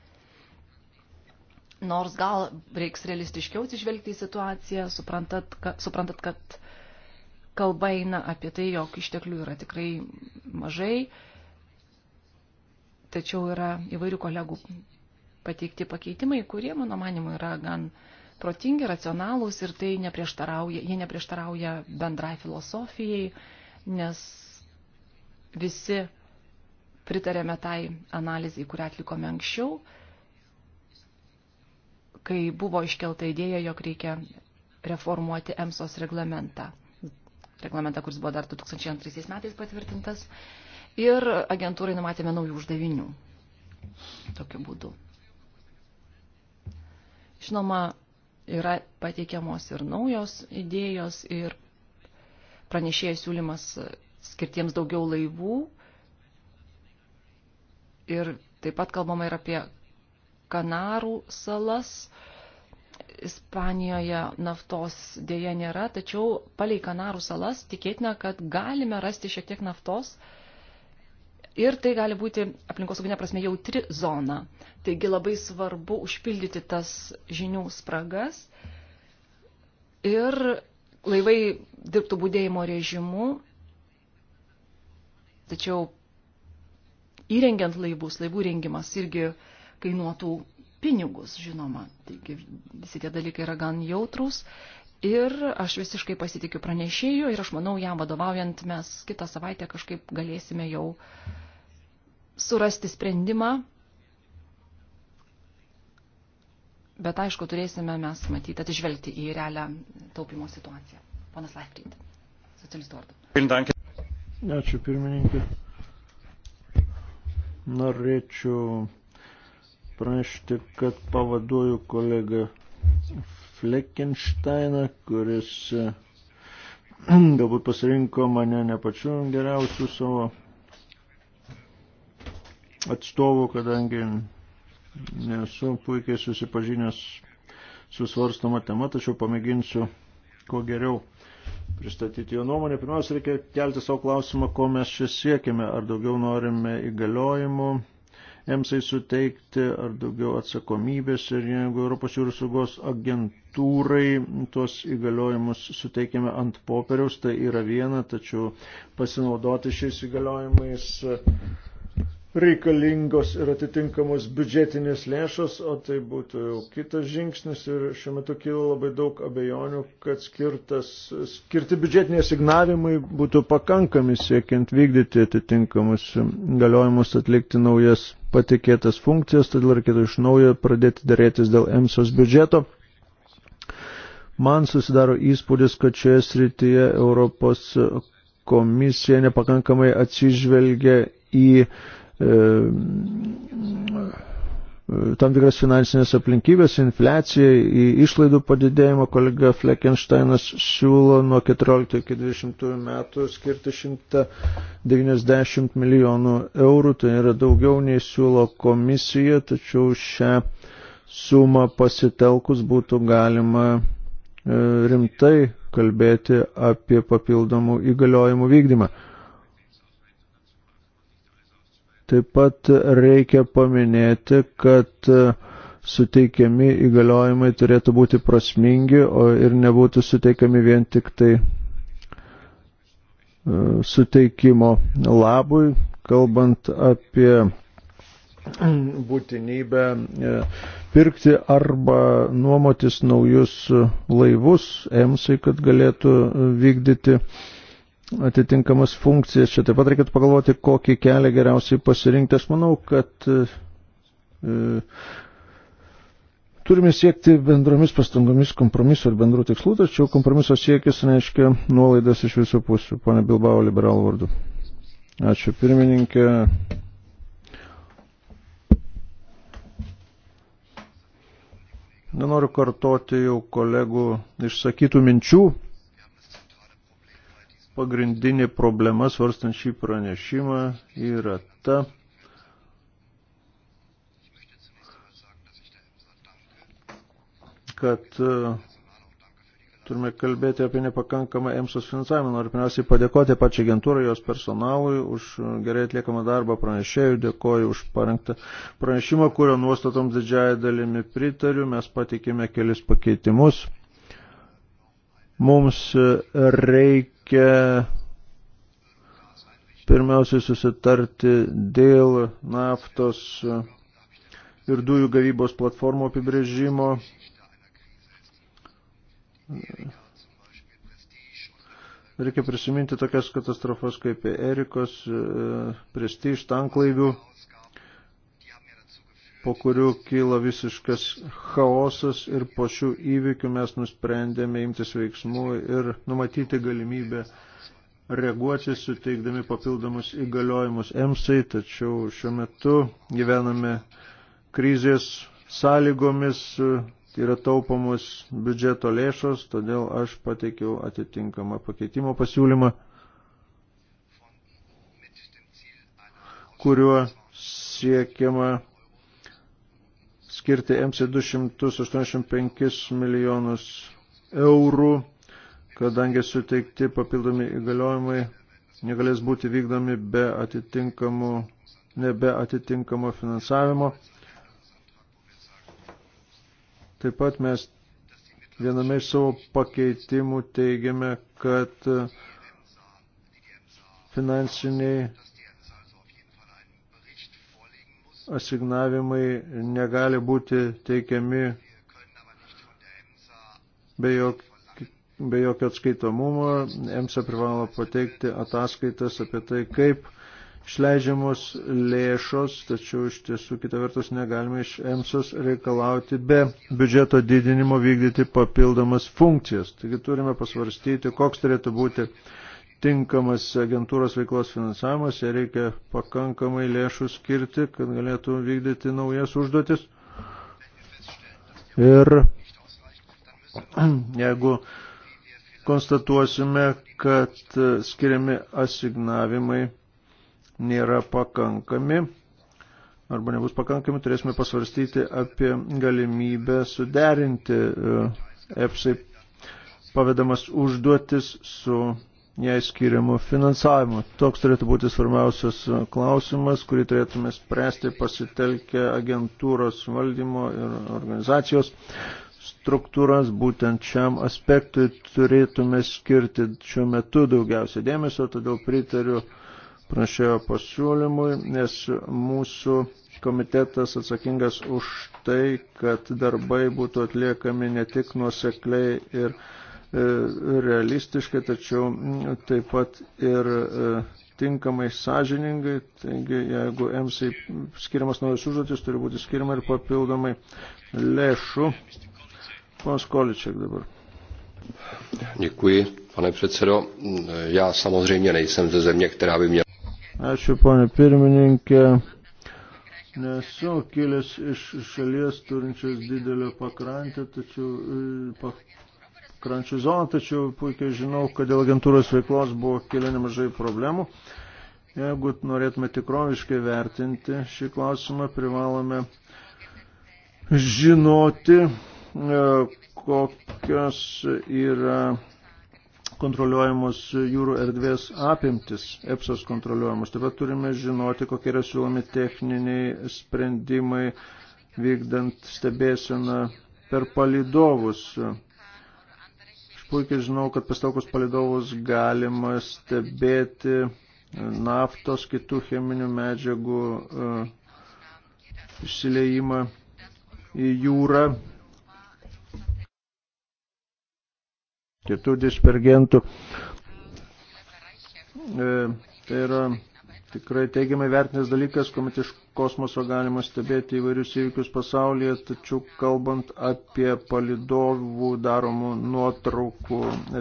Nors gal reiks realistiškiau atsižvelgti į situaciją, suprantat, ka, suprantat, kad kalba eina apie tai, jog išteklių yra tikrai mažai, tačiau yra įvairių kolegų pateikti pakeitimai, kurie, mano manimu, yra gan protingi, racionalūs ir tai neprieštarauja, jie neprieštarauja bendrai filosofijai, nes visi pritarėme tai analizai, kurią atlikome anksčiau kai buvo iškelta idėja, jog reikia reformuoti EMSOS reglamentą. Reglamentą, kuris buvo dar 2002 metais patvirtintas. Ir agentūrai numatėme naujų uždavinių. Tokiu būdu. Žinoma, yra pateikiamos ir naujos idėjos ir pranešėjai siūlymas skirtiems daugiau laivų. Ir taip pat kalbama ir apie Kanarų salas. Ispanijoje naftos dėja nėra, tačiau palei Kanarų salas tikėtina, kad galime rasti šiek tiek naftos ir tai gali būti aplinkosauginė prasme jautri zona. Taigi labai svarbu užpildyti tas žinių spragas ir laivai dirbtų būdėjimo režimu, tačiau įrengiant laivus, laivų rengimas irgi uh, kainuotų pinigus, žinoma. Taigi visi tie dalykai yra gan jautrus. Ir aš visiškai pasitikiu pranešėjų ir aš manau, jam vadovaujant mes kitą savaitę kažkaip galėsime jau surasti sprendimą. Bet aišku, turėsime mes matyti atižvelgti į realią taupimo situaciją. Ponas Laifrid, socialistų vardu. Ačiū pirmininkė. Norėčiau atsiprašyti, kad pavaduoju kolegą Fleckensteiną, kuris galbūt pasirinko mane ne pačiu geriausiu savo atstovu, kadangi nesu puikiai susipažinęs su svarstama tema, tačiau pamėginsiu kuo geriau pristatyti jo nuomonę. Pirmiausia, reikia kelti savo klausimą, ko mes čia siekime. Ar daugiau norime įgaliojimų, EMSAI suteikti ar daugiau atsakomybės ir jeigu Europos jūrų saugos agentūrai tuos įgaliojimus suteikėme ant popieriaus, tai yra viena, tačiau pasinaudoti šiais įgaliojimais reikalingos ir atitinkamos biudžetinės lėšos, o tai būtų jau kitas žingsnis ir šiuo metu kyla labai daug abejonių, kad skirtas, skirti biudžetiniai signavimai būtų pakankami siekiant vykdyti atitinkamus galiojimus, atlikti naujas patikėtas funkcijas, todėl reikėtų iš naujo pradėti dėrėtis dėl EMSOS biudžeto. Man susidaro įspūdis, kad šioje srityje Europos komisija nepakankamai atsižvelgia į uh, tam tikras finansinės aplinkybės, infliacija, į išlaidų padidėjimą kolega Fleckensteinas siūlo nuo 14 iki 20 metų skirti 190 milijonų eurų, tai yra daugiau nei siūlo komisija, tačiau šią sumą pasitelkus būtų galima e, rimtai kalbėti apie papildomų įgaliojimų vykdymą. Taip pat reikia paminėti, kad e, suteikiami įgaliojimai turėtų būti prasmingi ir nebūtų suteikiami vien tik tai e, suteikimo labui, kalbant apie mm, būtinybę e, pirkti arba nuomotis naujus laivus EMSai, kad galėtų vykdyti uh, atitinkamas funkcijas. Čia taip pat reikėtų pagalvoti, kokį kelią geriausiai pasirinkti. Aš manau, kad e, e, turime siekti bendromis pastangomis kompromiso ir bendrų tikslų, tačiau kompromiso siekis reiškia nuolaidas iš visų pusių. Pane Bilbao, liberalų vardu. Ačiū pirmininkė. Nenoriu kartoti jau kolegų išsakytų minčių. Pagrindinė problema svarstant šį pranešimą yra ta, kad e, turime kalbėti apie nepakankamą EMSOS finansavimą. Noriu pirmiausiai padėkoti pačiai agentūrai, jos personalui už gerai atliekamą darbą pranešėjų, dėkoju už parengtą pranešimą, kurio nuostatoms didžiąją dalimi pritariu. Mes patikėme kelis pakeitimus. Mums e, reikia pirmiausiai susitarti dėl naftos ir dujų gavybos platformų apibrėžimo. Reikia prisiminti tokias katastrofas kaip Erikos, e, prestiž tanklaivių po kurių kyla visiškas chaosas ir po šių įvykių mes nusprendėme imtis veiksmų ir numatyti galimybę reaguoti, suteikdami papildomus įgaliojimus EMSAI, tačiau šiuo metu gyvename krizės sąlygomis, yra taupomos biudžeto lėšos, todėl aš pateikiau atitinkamą pakeitimo pasiūlymą, kuriuo siekiama skirti MC 285 milijonus eurų, kadangi suteikti papildomi įgaliojimai negalės būti vykdomi be atitinkamų, nebe atitinkamo finansavimo. Taip pat mes viename iš savo pakeitimų teigiame, kad finansiniai asignavimai negali būti teikiami be, jok, be jokio atskaitomumo. EMSA privalo pateikti ataskaitas apie tai, kaip išleidžiamos lėšos, tačiau iš tiesų kitą vertus negalime iš EMSOS reikalauti be biudžeto didinimo vykdyti papildomas funkcijas. Taigi turime pasvarstyti, koks turėtų būti tinkamas agentūros veiklos finansavimas, jie reikia pakankamai lėšų skirti, kad galėtų vykdyti naujas užduotis. Ir jeigu konstatuosime, kad skiriami asignavimai nėra pakankami arba nebus pakankami, turėsime pasvarstyti apie galimybę suderinti e, EPSAI pavedamas užduotis su jai skiriamų finansavimų. Toks turėtų būti svarbiausias e, klausimas, kurį turėtume spręsti pasitelkę agentūros valdymo ir organizacijos struktūras. Būtent šiam aspektui turėtume skirti šiuo metu daugiausia dėmesio, todėl pritariu prašėjo pasiūlymui, nes mūsų komitetas atsakingas už tai, kad darbai būtų atliekami ne tik nuosekliai ir E, realistiškai, tačiau taip pat ir e, tinkamai sąžiningai. Taigi, jeigu EMSai skiriamas naujas užduotis, turi būti skiriama ir papildomai lėšų. Pons Količek dabar. Děkuji, pane předsedo. Já samozřejmě nejsem ze země, která by měla. Ačiū, pane pirmininkė. Nesu kilęs iš šalies turinčios didelę pakrantę, tačiau e, krančių zoną, tačiau puikiai žinau, kad dėl agentūros veiklos buvo kilę nemažai problemų. Jeigu norėtume tikroviškai vertinti šį klausimą, privalome žinoti, e, kokios yra kontroliuojamos jūrų erdvės apimtis, EPSOS kontroliuojamos. Taip pat turime žinoti, kokie yra siūlomi techniniai sprendimai vykdant stebėseną per palidovus. Puikiai žinau, kad pastaukus palidovus galima stebėti naftos kitų cheminių medžiagų e, išsileimą į jūrą. Kitų dispergentų. E, tai yra tikrai teigiamai vertinės dalykas, kuomet iš kosmoso galima stebėti įvairius įvykius pasaulyje, tačiau kalbant apie palidovų daromų nuotraukų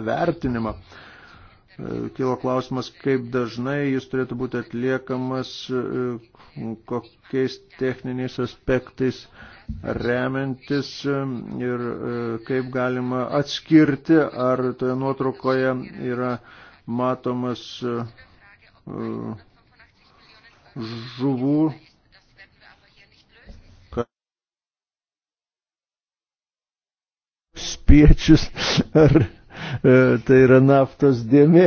vertinimą, e, kilo klausimas, kaip dažnai jis turėtų būti atliekamas, e, kokiais techniniais aspektais remiantis e, ir kaip galima atskirti, ar toje nuotraukoje yra matomas uh, žuvų. Spiečius ar e, tai yra naftos dėmė.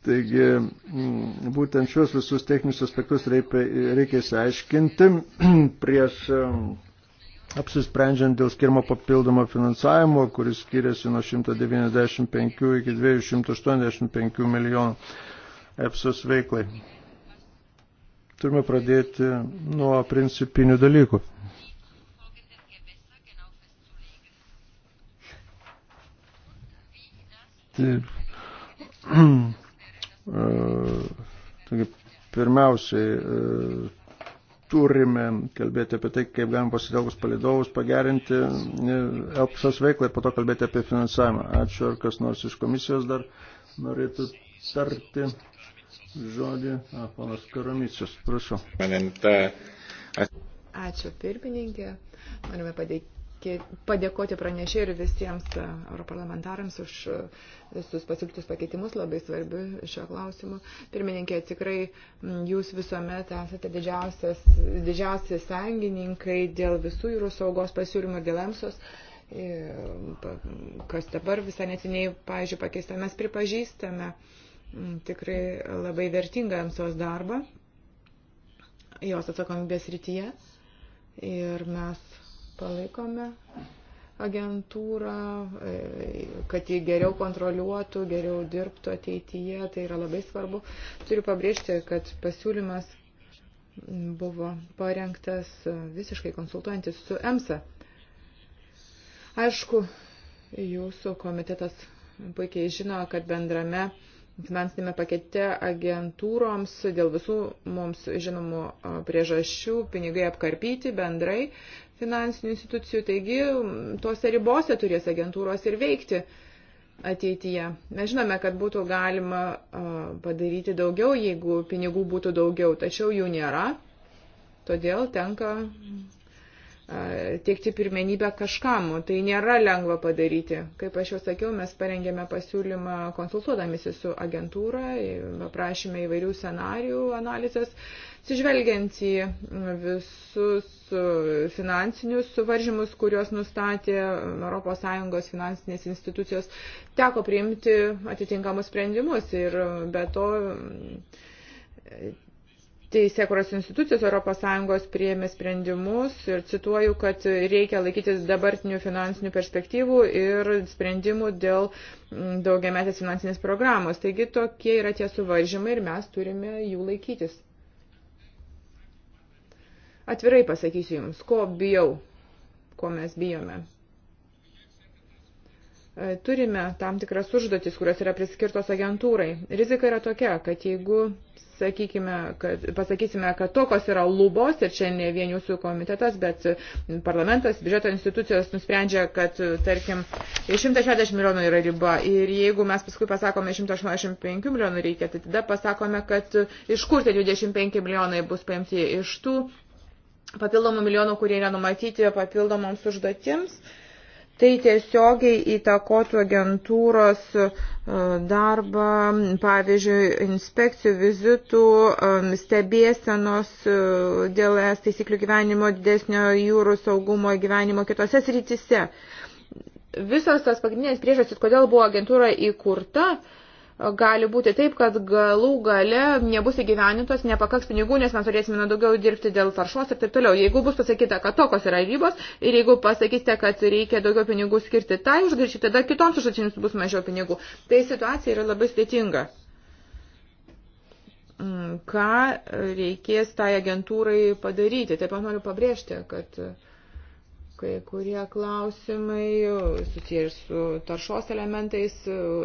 Taigi, mm, būtent šios visus techninius aspektus reikia, reikia įsiaiškinti prieš mm, apsisprendžiant dėl skirmo papildomo finansavimo, kuris skiriasi nuo 195 iki 285 milijonų EPSOS veiklai. Turime pradėti nuo principinių dalykų. Taip. E, taigi, pirmiausiai e, turime kalbėti apie tai, kaip galima pasitelkus palidovus pagerinti e, ELPSAS veiklą ir po to kalbėti apie finansavimą. Ačiū, ar kas nors iš komisijos dar norėtų tarti žodį. A, panas Karamicius, prašau. E, Ačiū, pirmininkė. Norime padėti padėkoti pranešėjai ir visiems e, europarlamentarams už e, visus pasiūlytus pakeitimus, labai svarbi šio klausimu. Pirmininkė, tikrai jūs visuomet esate didžiausi sąjungininkai dėl visų jūrų saugos pasiūlymų ir dėl EMSOS e, kas dabar visą netiniai, pavyzdžiui, pakeista, mes pripažįstame tikrai labai vertingą EMSOS darbą, jos atsakomybės rytyje ir mes palaikome agentūrą, e, kad jį geriau kontroliuotų, geriau dirbtų ateityje, tai yra labai svarbu. Turiu pabrėžti, kad pasiūlymas buvo parengtas visiškai konsultuojantis su EMSA. Aišku, jūsų komitetas puikiai žino, kad bendrame finansinėme pakete agentūroms dėl visų mums žinomų priežasčių pinigai apkarpyti bendrai, finansinių institucijų, taigi tuose ribose turės agentūros ir veikti ateityje. Mes žinome, kad būtų galima padaryti daugiau, jeigu pinigų būtų daugiau, tačiau jų nėra, todėl tenka teikti pirmenybę kažkam. Tai nėra lengva padaryti. Kaip aš jau sakiau, mes parengėme pasiūlymą konsultuodamėsi su agentūra, paprašėme įvairių scenarijų analizės, sižvelgiant į visus finansinius suvaržymus, kuriuos nustatė mm, ES finansinės institucijos, teko priimti atitinkamus sprendimus ir mm, be to mm, teisėkuros institucijos ES priėmė sprendimus ir cituoju, kad reikia laikytis dabartinių finansinių perspektyvų ir sprendimų dėl daugiametės finansinės programos. Taigi tokie yra tie suvaržymai ir mes turime jų laikytis. Atvirai pasakysiu Jums, ko bijau, ko mes bijome. E, turime tam tikras užduotis, kurios yra priskirtos agentūrai. Rizika yra tokia, kad jeigu sakykime, kad, pasakysime, kad tokios yra lubos ir čia ne vien jūsų komitetas, bet parlamentas, biudžeto institucijos nusprendžia, kad, tarkim, 160 milijonų yra riba ir jeigu mes paskui pasakome 185 milijonų reikia, tai tada pasakome, kad iš kur tie 25 milijonai bus paimti iš tų papildomų milijonų, kurie yra numatyti papildomoms užduotims. Tai tiesiogiai įtakotų agentūros e, darbą, pavyzdžiui, inspekcijų vizitų, e, stebėsenos e, dėl es taisyklių gyvenimo, didesnio jūrų saugumo gyvenimo kitose srityse. Visos tas pagrindinės priežastys, kodėl buvo agentūra įkurta, uh, gali būti taip, kad galų gale nebus įgyvenintos, nepakaks pinigų, nes mes turėsime daugiau dirbti dėl taršos ir taip toliau. Jeigu bus pasakyta, kad tokios yra ribos ir jeigu pasakysite, kad reikia daugiau pinigų skirti tai užgirčiai, tada kitoms užduotims bus mažiau pinigų. Tai situacija yra labai sudėtinga. Mm, ką reikės tai agentūrai padaryti? Taip pat noriu pabrėžti, kad uh, Kai kurie klausimai susiję ir su taršos elementais,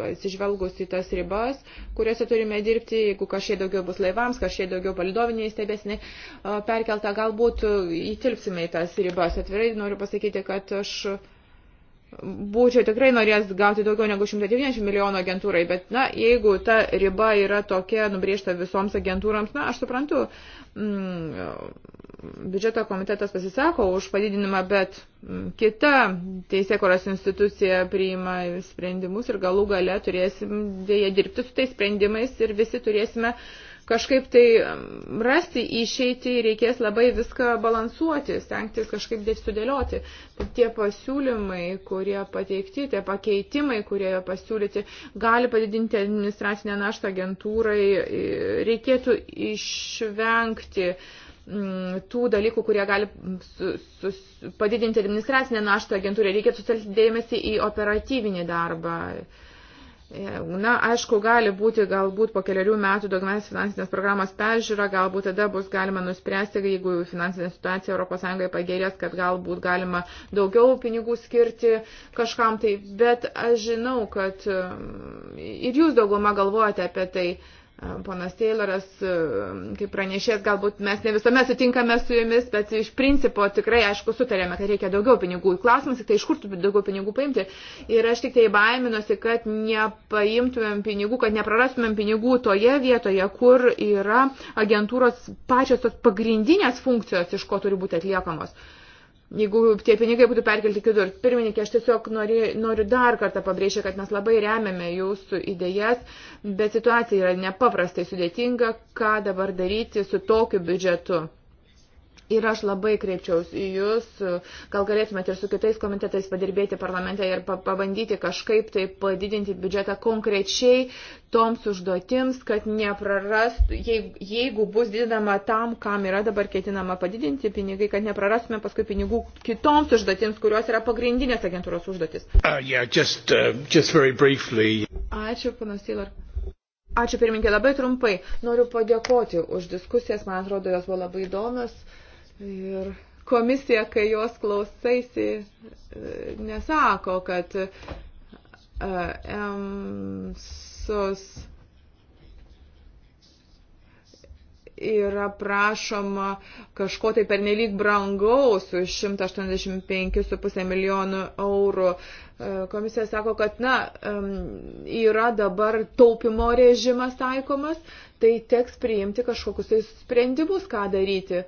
atsižvelgus į tas ribas, kuriuose turime dirbti, jeigu kažkiek daugiau bus laivams, kažkiek daugiau palidoviniai stebėsiniai perkelta, galbūt įtilpsime į tas ribas. Atvirai noriu pasakyti, kad aš būčiau tikrai norės gauti daugiau negu 190 milijonų agentūrai, bet, na, jeigu ta riba yra tokia nubriežta visoms agentūrams, na, aš suprantu, mm, biudžeto komitetas pasisako už padidinimą, bet mm, kita teisėkoros institucija priima sprendimus ir galų gale turėsim dėja dirbti su tais sprendimais ir visi turėsime kažkaip tai mm, rasti išeitį, reikės labai viską balansuoti, stengtis kažkaip dėl tai sudėlioti. Tie pasiūlymai, kurie pateikti, tie pakeitimai, kurie pasiūlyti, gali padidinti administracinę naštą agentūrai, reikėtų išvengti uh, Mm, tų dalykų, kurie gali sus, padidinti administracinę naštą agentūrai. Reikėtų sutelkti dėmesį į operatyvinį darbą. E, na, aišku, gali būti galbūt po keliarių metų daugmės finansinės programos peržiūra, galbūt tada bus galima nuspręsti, jeigu finansinė situacija ES pagerės, kad galbūt galima daugiau pinigų skirti kažkam tai, bet aš žinau, kad mm, ir jūs dauguma galvojate apie tai. Ponas Tayloras, e, kaip pranešės, galbūt mes ne visuomet sutinkame su jumis, bet iš principo tikrai, aišku, sutarėme, kad reikia daugiau pinigų. Klausimas tik tai, iš kur daugiau pinigų paimti. Ir aš tik tai baiminuosi, kad nepaimtumėm pinigų, kad neprarastumėm pinigų toje vietoje, kur yra agentūros pačios tos pagrindinės funkcijos, iš ko turi būti atliekamos. Uh, jeigu tie pinigai būtų perkelti kitur. Pirmininkė, aš tiesiog nori, noriu dar kartą pabrėžti, kad mes labai remiame jūsų idėjas, bet situacija yra nepaprastai sudėtinga, ką dabar daryti su tokiu biudžetu. Ir aš labai kreipčiausi į Jūs, gal galėtumėte ir su kitais komitetais padirbėti parlamente ir pabandyti kažkaip tai padidinti biudžetą konkrečiai toms užduotims, kad neprarastų, jeigu bus didinama tam, kam yra dabar ketinama padidinti pinigai, kad neprarastume paskui pinigų kitoms užduotims, kurios yra pagrindinės agentūros užduotis. Uh, yeah, just, uh, just Ačiū, panas Taylor. Ačiū pirmininkė, labai trumpai. Noriu padėkoti už diskusijas, man atrodo, jos buvo labai įdomios. Uh, Ir komisija, kai jos klausaisi, nesako, kad e, emsus yra prašoma kažko tai pernelyg brangaus už 185,5 milijonų eurų. E, komisija sako, kad na, yra dabar taupimo režimas taikomas, tai teks priimti kažkokius tai sprendimus, ką daryti. Uh,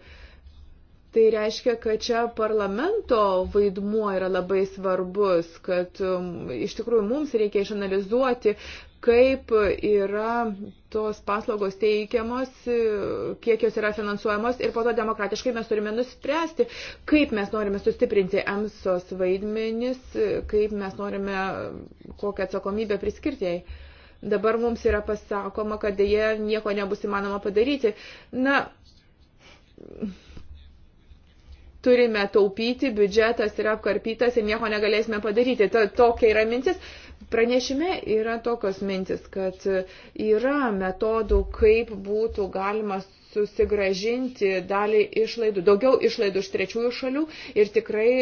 Tai reiškia, kad čia parlamento vaidmuo yra labai svarbus, kad um, iš tikrųjų mums reikia išanalizuoti, kaip yra tos paslaugos teikiamos, kiek jos yra finansuojamos ir po to demokratiškai mes turime nuspręsti, kaip mes norime sustiprinti EMSOS vaidmenis, kaip mes norime kokią atsakomybę priskirti jai. Dabar mums yra pasakoma, kad dėje nieko nebus įmanoma padaryti. Na, turime taupyti, biudžetas yra apkarpytas ir nieko negalėsime padaryti. Ta, tokia yra mintis. Pranešime yra tokios mintis, kad yra metodų, kaip būtų galima susigražinti dalį išlaidų, daugiau išlaidų iš trečiųjų šalių ir tikrai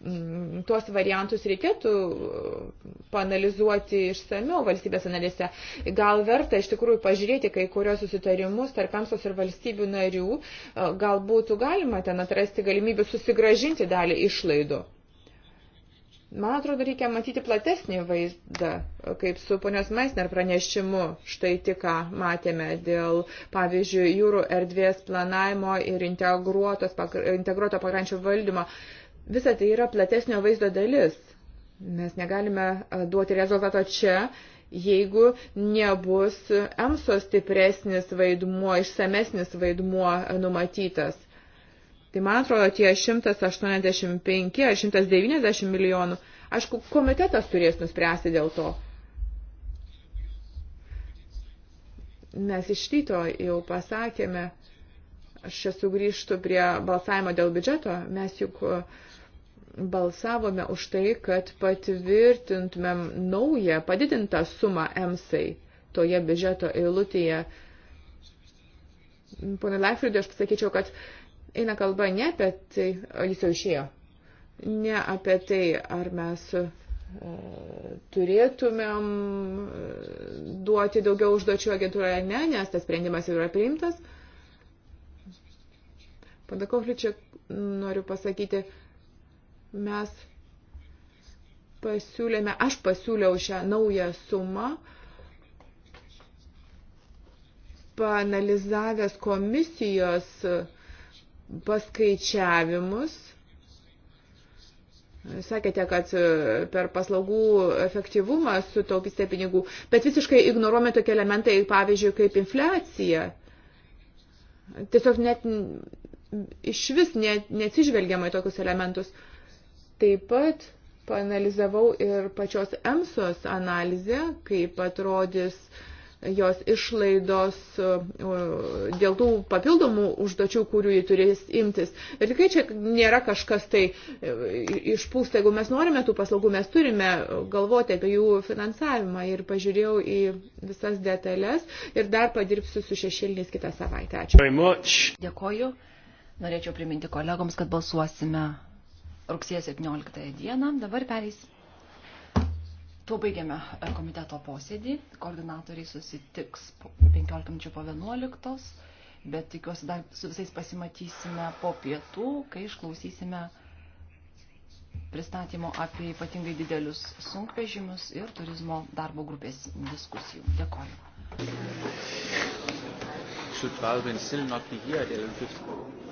Mm, tuos variantus reikėtų mm, panalizuoti išsamiau valstybės analise. Gal verta iš tikrųjų pažiūrėti kai kurios susitarimus tarp EMSOS ir valstybių narių, e, gal būtų galima ten atrasti galimybę susigražinti dalį išlaidų. Man atrodo, reikia matyti platesnį vaizdą, e, kaip su ponios Meisner pranešimu štai tik ką matėme dėl, pavyzdžiui, jūrų erdvės planavimo ir integruoto pakrančio valdymo. Uh, Visa tai yra platesnio vaizdo dalis. Mes negalime duoti rezultato čia, jeigu nebus EMSO stipresnis vaidmuo, išsamesnis vaidmuo numatytas. Tai man atrodo, tie 185 ar 190 milijonų, aišku, komitetas turės nuspręsti dėl to. Mes iš ryto jau pasakėme, Aš čia sugrįžtų prie balsavimo dėl biudžeto. Mes juk e, balsavome už tai, kad patvirtintumėm naują padidintą sumą EMSAI toje biudžeto eilutėje. Pone Leifridui, aš pasakyčiau, kad eina kalba ne apie tai, jis jau išėjo, ne apie tai, ar mes e, turėtumėm e, duoti daugiau užduočių agentūroje, ne, nes tas sprendimas jau yra priimtas. Uh, Pana Kohličia, noriu pasakyti, mes pasiūlėme, aš pasiūliau šią naują sumą, paanalizavęs komisijos paskaičiavimus. Sakėte, kad per paslaugų efektyvumą sutaupysite pinigų, bet visiškai ignoruojame tokie elementai, pavyzdžiui, kaip infliacija. Tiesiog net iš vis ne, neatsižvelgiama į tokius elementus. Taip pat panalizavau ir pačios EMSOS analizę, kaip atrodys jos išlaidos e, dėl tų papildomų užduočių, kurių jį turės imtis. Ir tikrai čia nėra kažkas tai e, išpūsta, jeigu mes norime tų paslaugų, mes turime galvoti apie jų finansavimą ir pažiūrėjau į visas detalės ir dar padirbsiu su šešiliniais kitą savaitę. Ačiū. Dėkoju. Norėčiau priminti kolegoms, kad balsuosime rugsėjo 17 dieną. Dabar pereis. Tuo baigiame e, komiteto posėdį. Koordinatoriai susitiks 15 min. po 11, bet tikiuosi dar su visais pasimatysime po pietų, kai išklausysime pristatymo apie ypatingai didelius sunkvežimius ir turizmo darbo grupės diskusijų. Dėkoju. Should Valvin still not be here at 11.50?